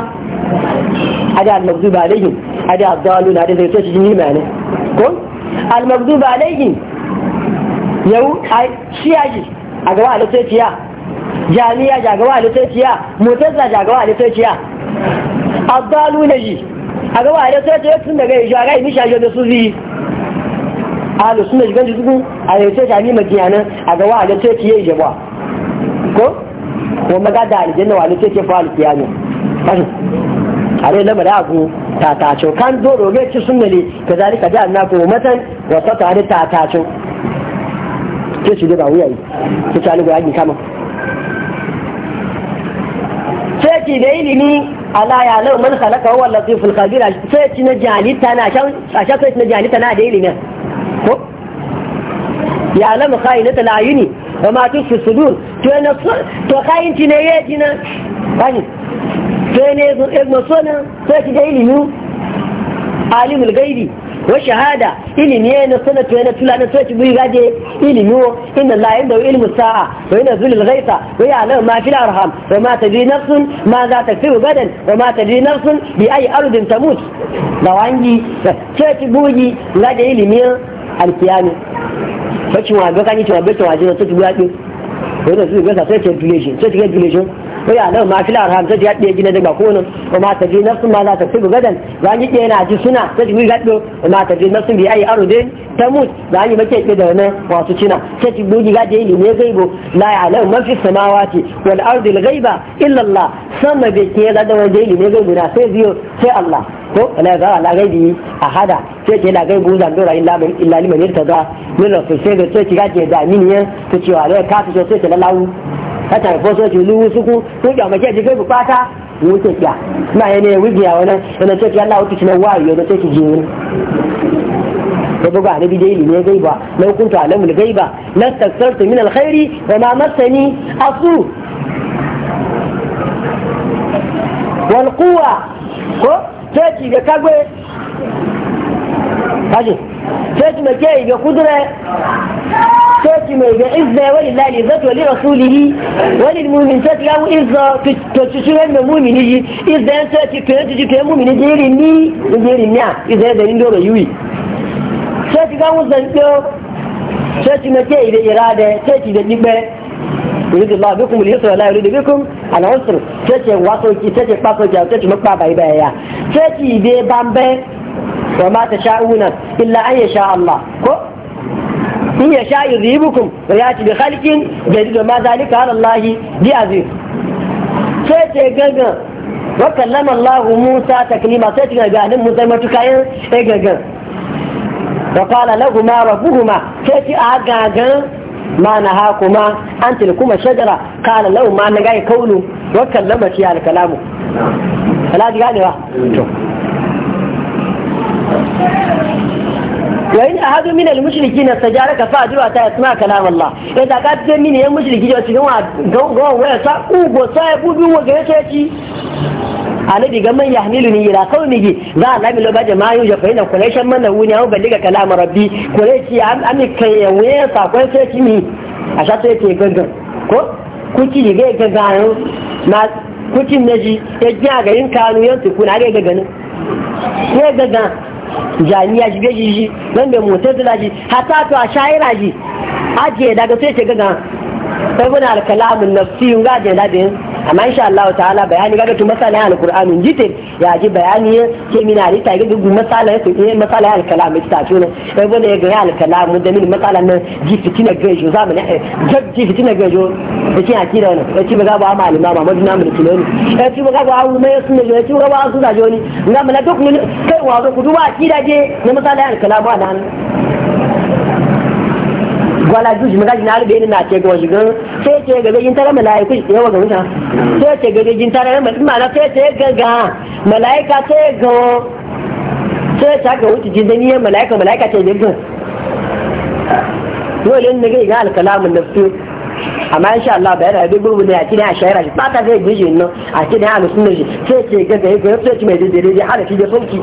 zai shi mai ne ko yau a gaba alisaiciya jami'a jagawa alisaiciya jagawa alisaiciya abdalu ne yi a gaba a sai ta sun daga ya ga ni shaje da su zi a da suna shigan da su a yau sai shani madiyana a gaba a sai ta yi jaba ko ko maga da aljanna wa sai ta fa'al a are lamar ya ku tatacho kan zo roge ci sun nale ka zari ka ja na annaku matan wa ta tare tatacho ke shi da ba wuyayi ke ta lugu yakin kama sai ki da ilimi ala ya lau man khalaqa huwa al-latif al-khabir sai ci na jalita na shan a shan sai ci na jalita na da ilimin ko ya lam khayinat al-ayuni wa ma tufi sudur to na to kayin ci ne na bani to ne zo sunan sai ci da ilimi alimul gaibi وشهادة إلي مين سنة وين تلا نسويت بي غادي إلي مو إن الله عنده علم الساعة وإن ذل الغيطة ويعلم ما في الأرحام وما تدري نفس ماذا تكسب غدا وما تدري نفس بأي أرض تموت لو عندي سويت بي غادي إلي مين القيامة فشو ما بقى نيجي ما بيتوا عجينة سويت بي غادي وإن ko ya nan ma fil arham ta ya ɗaya gina daga konin ko ma ta ji nafsu ma za ta fi gadan za ni ɗaya na ji suna ta ji gaɗo ko ma ta ji nafsu bi ayi aro dai ta mut za ni make ɗaya da wani wasu cina ta ji bugi gaɗe yi ne gaibo la ya nan man fi samawati wal ardil gaiba illa Allah sama bai ke da wani yi ne gaibo na sai ziyo sai Allah ko la za la gaibi ahada sai ke la gaibu zan dora illa min illa liman yartada min rasul sai ga sai ki gaje da min yan ta cewa la ka ta sai ta lawu Ka ko so ti lu suku to ya make ji ko pata mu ce ya na yana ne wi ya wona ina ce ti Allah o na wa yo ce ki ji ni ko buga ne bidai ne gaiba na alamu alamul gaiba la tasartu min alkhairi wa ma masani asu wal quwa ko ce ki ga kagwe kaje فاتمة كاي بقدرة فاتمة إذا ولله لذات ولرسوله وللمؤمن فات له إذا تتشوها من المؤمن يجي إذا أنت كنت تجي كي مؤمن يجي لني يجي لني إذا هذا لن يرى يوي فاتمة كاي بقدرة فاتمة كاي بإرادة فاتمة كاي يريد الله بكم اليسر لا يريد بكم العسر فاتمة واصلتي فاتمة باصلتي أو فاتمة باصلتي أو فاتمة باصلتي wa ma tasha'una illa an yasha Allah ko in yasha yudhibukum wa yati bi khalqin jadid wa ma dhalika ala Allah bi aziz sai ce gaga wa kallama Allah Musa taklima sai ce ga nan Musa matukayen sai gaga wa qala lahumu rabbuhuma sai ce a gagan ما نهاكما أن kuma الشجرة kala lau ma na كونه وكلمت يا الكلام فلا دي قال وإن أحد من المشركين استجارك فأجره حتى يسمع كلام الله إذا قد من المشركين يسمعوا غو ويسا أوغو سايبو بيو وغيرتي annabi ga man yahmilu ni ila qaumihi za Allah mi lobaje ma yu jafa ina kula shan man wuni au balliga kalam rabbi kula ci ami kai yawe sa ko sai ci a sha sai te gangan ko kuci ga gangan na kuci naji ya ga kanu kuna ga gangan jami'a shi beji shi nan da mutazila shi hata to a shayira shi ajiye daga sai ce gaga sai alkalamin alkalamun nafsi yun ga da yin amma insha Allah ta'ala bayani ga tu masala al-Qur'an jite ya ji bayani ke mina ri ta ga du masala to eh masala al-kalam ta tuna sai bane ga al-kalam da min masala nan ji fitina ga jo zamu ne eh, jab ji fitina ga jo da kin akida wannan ci ba ba malima ma madina mun kilo ne ci ba ba mu mai sunna ne ci ba su da duk ne kai wa ku duba akida je na masala al-kalam nan wala juji maga na albe ne na ce ga wajigan sai ce ga gajin tara malaiku shi yawa ga wuta sai ce ga gajin tara malaiku mana sai ce ga ga malaika sai ga sai ta ga wuta jindani ya malaika malaika ce ga dole ne ga ina alkalamun nafsu amma insha Allah bai da duk gurbin ya kina shaira shi fata zai gije no a kina ya musun ne sai ce ga ga ga sai ce mai dai dai halafi da sauki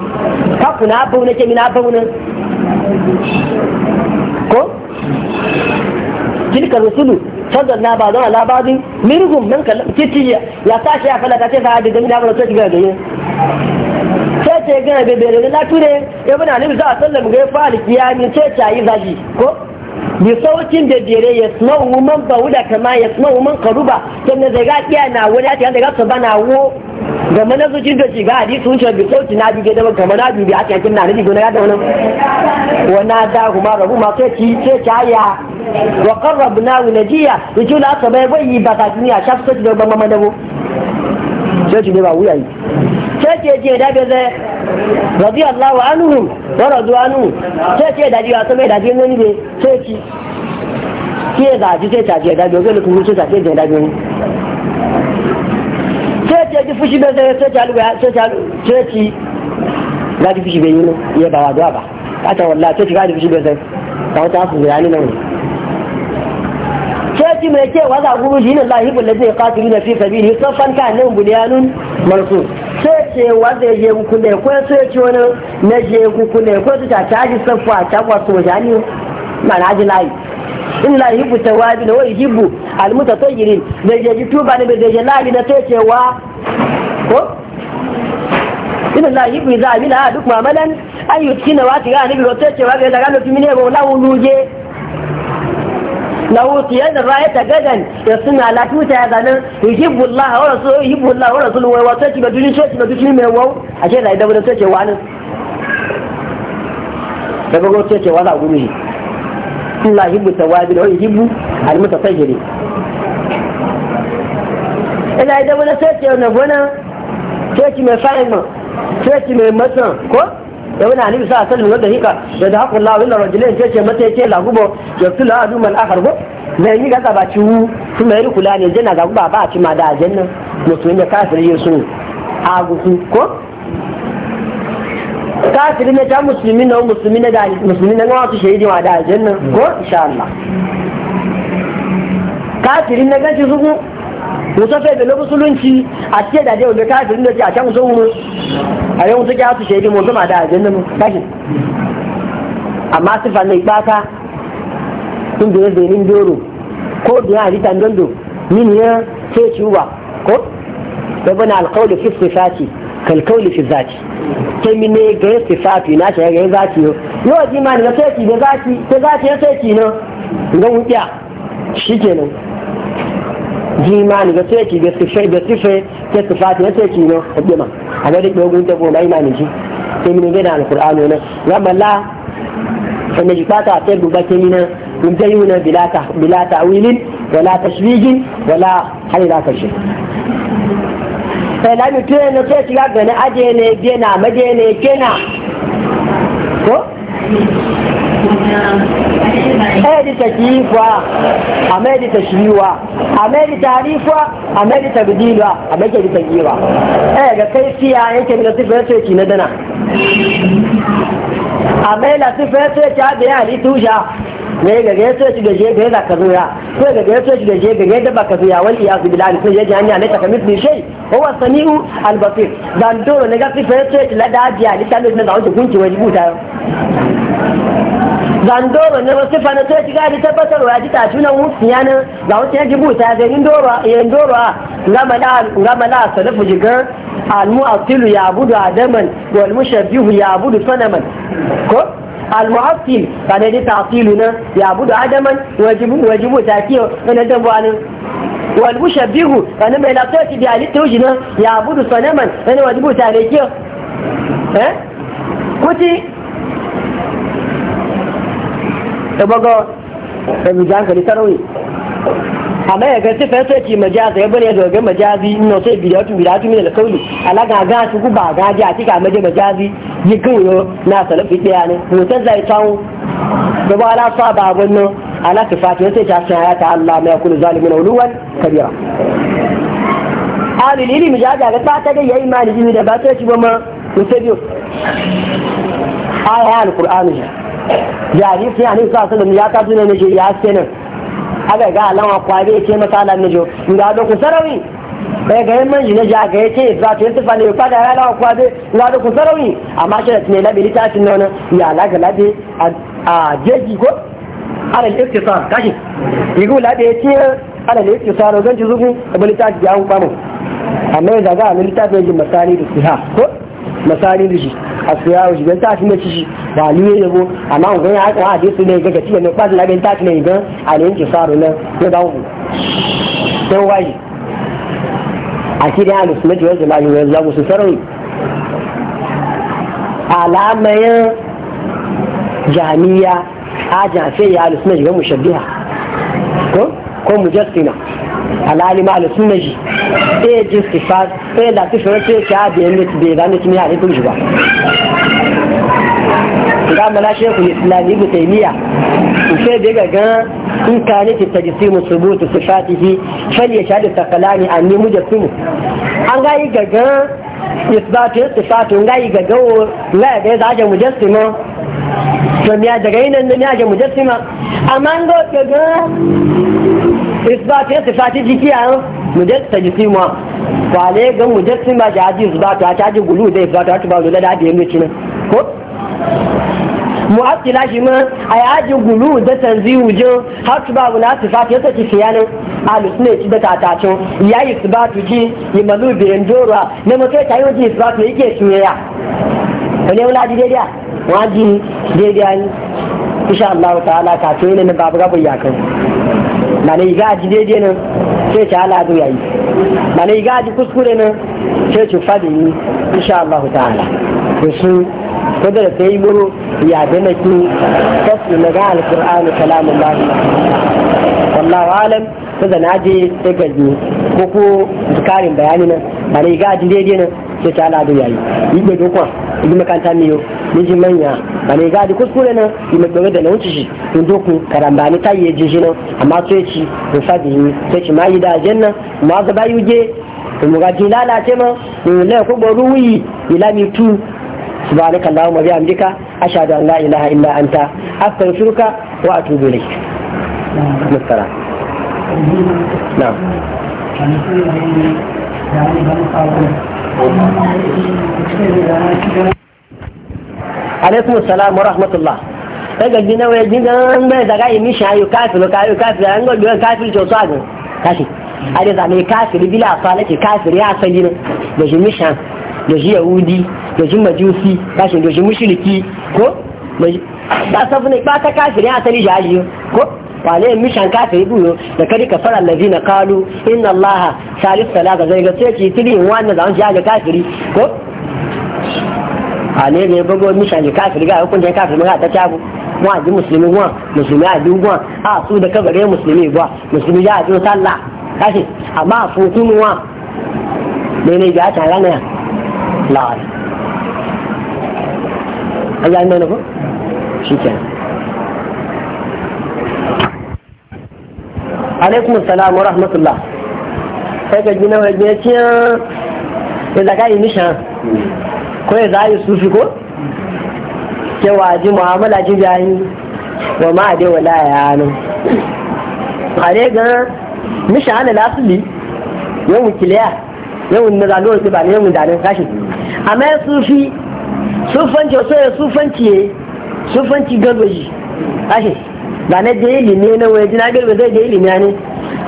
ka kuna abu ne ke mina abu ne ko tilka rusulu sadar na ba zama labari mirgun nan ka titi ya tashi ya falaka ce fa'adi don gina barasa shiga da yin sai ce gana bebere na ture ya bana nabi za a sallam ga ya fara kiyami ce ta yi zaji ko bisaukin da jere ya sma man da kama ya sma man karuba dan da zaga kiya na wani da daga su bana wo ga mana su jin da shiga hadisi sun bi bisauki na bi da kama na bi a cikin na ni gona da wannan wana da kuma rabu ma sai ci ce caya wa qarrabna wa najiya yujula sabai bai ba ta duniya shafi da ban mamadabo church ne ba wuya yi church ya ce da gaza rabi allahu anhu wa razu anhu church ya daji wasu mai daji wani ne church ke da ji sai tafiya da biyu zai kuma sai tafiya da da biyu church ya ji fushi da sai church alu ya church ga ji fushi bai yi ne ya ba wa ba wallahi ga ji fushi ta su sai mai cewa za guru shi ne lahibin da zai katilu na fi sabili sun fanka nan buliyanun marsu sai ce wanda ya je kuku ne ko sai ce wani na je kuku ne ko su ta caji safu ta cakwa to jani mana ji layi in la yuhibbu tawabin wa yuhibbu almutatayyirin zai je tuba ne zai je layi na sai cewa ko inna la yuhibbu idza amila duk mamalan ayyukina wa tiga ne bi wata wa ga daga mutum ne ba wala wuluje لاوت يد رايت جدن يصنع a توت يا زمان يجيب الله ورسوله يجيب الله ورسوله ويوصلك بدون شيء بدون شيء من وو mai لا يدبر شيء وانا da ga gwamnati ce wala guri ne in la hibu ta wabi da wani hibu halmuta sai ina idan wani sai ce wani gwana sai ce mai fahimman sai ce mai matan ko ya wani hannun sa sallu wanda hika da da hakun lawa inda rajulai ce ce mata yake lagubo ya tula lawa man akhar go da yi ga ba ci wu kuma yi kula ne janna ga ba a ci ma da janna mutum ya kafiri su a gusu ko kafiri ne ta musulmi na musulmi na da musulmi na wasu shahidi ma da janna ko insha Allah kafiri na gaji zugu mutum fai da na musulunci a ce da dai wanda kafirin da ke a can sun a yau suke hasu shaidu mu zuma da aljanna mu kashin amma sifa mai kpata, sun da yadda doro ko biya a ritan dondo min ya ce ciwa ko ya bani alƙawli fi sifati kalƙawli fi zati ta min ne ga ya sifati na shi ga ya zati yau yau ji ma ne na sai ki da zati ta zati ya sai na ga wuƙiya shi kenan jimani ga teki ga sifai ga sifai ke sifati ya teki ki no hidima a ga dake ogun tabo na imani ji ke min ga da alqur'ani ne lamma la sai ji a ta duba ke min yi dayuna bila ta bila ta'wilin wala tashwijin wala halila shi sai lami tuye na teki ga gane aje ne gena maje ne kena ko amedi takifa amedi tashriwa amedi taarifa amedi tabdila amedi takifa eh ga kaifiya yake ne sifar sai na dana amedi la sifar sai ta da ya litusha ne ga ga sai ci gaje ga da kazuya ko ga ga sai ci gaje ga ga da ba kazuya wal iyaz billahi sai yaji hanya ne ta kamis ni shay huwa samiu al basir dan dole ne ga sifar sai la da ji ali talo ne da wuce gunki wajibu ta zandoro na wasu fana sai shiga da tabbatarwa ya ji tafinan wufi yana ga wasu yanki buta ga yin doro a yin doro a ngama la salafu jigar almu'assilu ya budu adaman wal mushabbihu ya budu sanaman ko almu'assil ba ne da tasilu na ya budu adaman wajibu tafiyo na dambu anin wal mushabbihu ba ne mai lafiya da halitta wujina ya budu sanaman wani wajibu tafiyo eh kuti da baga da mu kali tarawi amma ya gaske fa sai ki majazi ya bane daga majazi sai bidatu bidatu min ga su ga ji a tika maje majazi yi na salafi daya ne to sai zai tawo da ba ala ala sai ta san Allah zalimin ulwan kabira alil ga ta ta yayi imani jimi da ba sai ci to sai biyo jari sai anin sa sallam ya ka tuna ne ya kenan aga ga alawa kwari ke masala ne jo ga da ku sarawi bai eh, ga yamman ne ja ga ce, za ta yi tufa ne fa da alawa kwari ga da ku sarawi amma shi da ne labi na wani ya laga labi a jeji ko ala al-iktisar kashi yigo labi yake ala al-iktisar zan ji zugu abin litafin ya hu kwamu amma ya zaga a litafin jin masani da siha ko masani da shi a suya wa shigan ta shine ci ba ni ne yabo amma mun ganin haka a su ne ga gaci ne kwazi labin ta ne ga a ne yake faru nan na da ku dan wayi a kida ahlus sunnah wal jamaa ne mu su sarau alamayan jami'a a jafe ya ahlus sunnah ga mushabbiha ko ko alalima alisunan shi ɗaya ji sifa ɗaya da su shirar ce ya biyan ne bai gano kimi a ɗin shi ba ga mala shehu islami ibn taymiya sai da gaga in ka ne ta tajsimu subut sifatihi fal yashhadu taqalani anni mujassim an ga yi gaga isbatu sifatu ga yi gaga la ga za ja mujassima to miya daga yin nan miya ja mujassima amma an ga gaga isbat ya sifati jiki a mujasta jiki ma kwale ga mujasta ba ji haji isbat a caji gulu da isbat a tuba lula da haji yanzu cinan ko mu'attila shi ma a yaji gulu da tanzihu jin har tuba lula sifati ya saki siyanin alusune ci da tatacin ya yi isbatu ji yi malu na yi ya wani wula ji daidai wani ji daidai insha Allah ta'ala kafin ne na babu rabu yakan mana yi gaji daidai nan sai ci ala ya yi mana yi gaji kuskure nan sai ci fadi yi insha Allah ta'ala da su kada da yi muru ya na ki tasiri na ga alkur'ani kalamun ba wallahu alam ta zana je ta gaji ko ko karin bayani nan mana yi gaji daidai nan sai ci ala ya yi yi gbe dokon yi makanta miyo miji manya ba ne gadi kuskure nan yi mai da na wuce shi in doku ni ta yi jin shi nan amma to ci in fadi yi to ci ma yi da ajen nan ma ga bayu je in mu gaji lalace ma in lai ko gboru wuyi mi tu subhanaka allahumma bi amdika ashhadu an la ilaha illa anta astaghfiruka wa atubu ilayk nasara na Thank you. عليكم السلام ورحمة الله تقول دينا ويجين دينا ما إذا قاعد يمشي هاي كافل وكافل كافل أنقول يعني بيوان كافل جو صاعد تاشي هذا إذا مي كافل بلا أصالة كافل يا سيدنا دجي مشي دجي يهودي دجي مجوسي تاشي دجي مشركي كو دجي ba sa fune ba ta kafir ya tani jali ko ba le mishan kafir bu yo da kadi ka fara ladina kalu inna allaha salis salaka zai ga sai ki tili wannan da an jali kafiri ko a ne ne bago misha ne kafir ga hukunta kafir ga ta tabu mu aji musulmi gwa musulmi aji gwa a su da kabare musulmi gwa musulmi ya aji sallah kashi amma fu kunwa ne ne ya ta rana la ayi an ne ko shikenan alaikum salam wa rahmatullah sai ka gina wajen ciyar da zaka yi nishan. kawai za a yi sufi ko cewa ji mu'amala ji jayi wa ma dai wala ya hannun a dai ga misha hana lasuli yau wikiliya yau na zanuwar ba ne yau da nan kashi amma ya sufi sufanci wasu ya sufanci ya sufanci garbaji kashi ba na da ilimi na wajen na garba zai da ilimi ne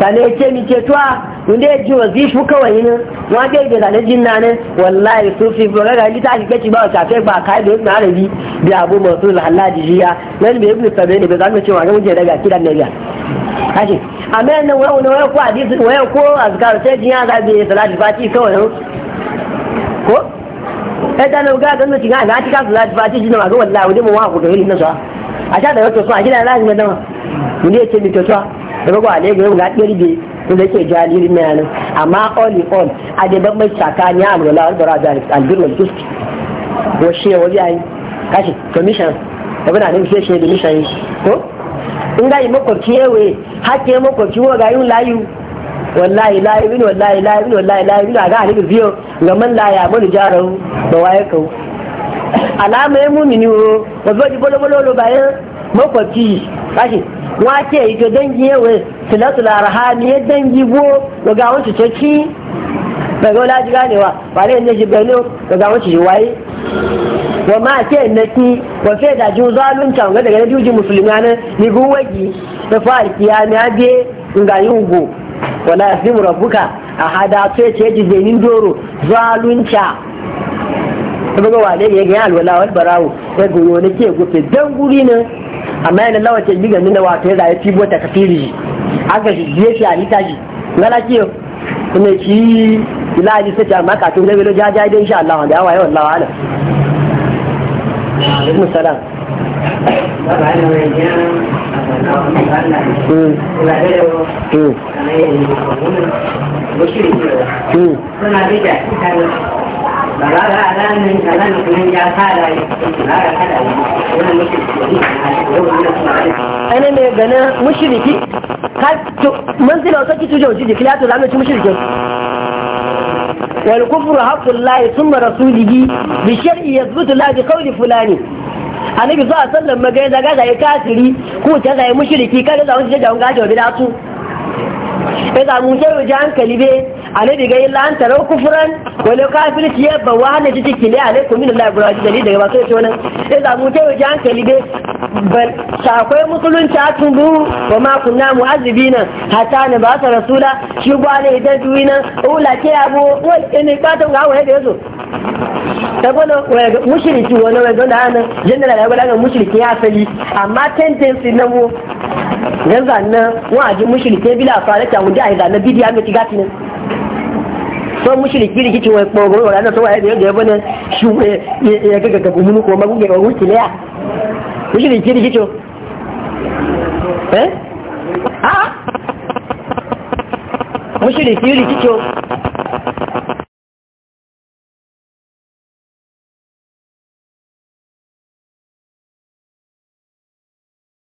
ba na ya ce ni ce tuwa wanda ya ji wazifu kawai ne wa ke da zane jin na ne wallahi su fi ba ga ji ta shi kaci ba ta kai ba kai da ibn arabi da abu mansur al jiya nan bai ibn sabai ne ba za mu cewa ga muje daga kidan nabiya kashi amma nan wai wani wai ko hadisi wai ko azkar sai jin ya zabe salati fati kawai ko kai da ga ga mutum ga na salati fati jin ma ga wallahi wani mu wa ku da irin nan sa a sha da wato so a gidan lazimi da mu ne ce mi to daga kwa ne ga ga kirbe da ke jalirin na yana amma all in all a da ban mai tsakani ya amrola wal barada albir wal justi wa shi wali ai kashi commission da bana ne sai shi da mission ko in e e ga yi makwabci yawe hakke makwabci wa ga yun layu wallahi la ibn wallahi la ibn wallahi la ibn ga ni biyo ga man la ya mun ba da waye kau alama ya mumini wo ba ji bolo bolo bayan makwabci kashi wake yi dangi dangi silatu silatul arhami ya dangi bo daga wancan cikin ci daga wala ji ganewa ba ne ne jibelo daga wancan shi waye wa ma ke naki wa fe da ju zalunta ga daga juji musulmana ni guwaji da fa alkiyami abe ngayi ugo wala a rabbuka ahada sai ce ji zenin doro zalunta ta buga ne ya ga alwala wani barawo ya goyo ne ke gufe don guri ne amma yana lawa ce diga nuna wato ya zaya tibo ta kafiri shi aka shi je shi halitta shi ngana kiyo kuma ki ila ali sai amma ka gabe ja ja dai insha Allah da waye ala alaikum salam hmm. Hmm. Hmm. ana mai gana mushiriki manzila wata kitu jauji da filato da amince mara والكفر حق الله ثم رسوله بالشرع يثبت الله fulani. فلان annabi zuwa sallan magai da gaza ya kafiri ko ta zai mushriki kada za su je da wani gajo bidatu sai za mu je hankali ale daga illa an tarau kufran wala kafirci ya ba wa ne jiji kile alaikum min Allah ibrahim dalil daga ba sai wannan sai za mu ta waje hankali dai bal sakwai musulunci a tubu wa ma kunna mu'azzibina hatta ne ba sa rasula shi ba ne idan duwina ula ke abu wal ne ka ta ga wai da yazo ta gona mushriki wani wai gona nan jinna da ga mushriki ya sali amma tendency na mu dan zanna wa aji mushrike bila farata mu dai zanna bidiya ga tigati ne so mushriki riki ci so wai da yabo shi ya ga ga gumu ko magu ga wuce ya eh a mushriki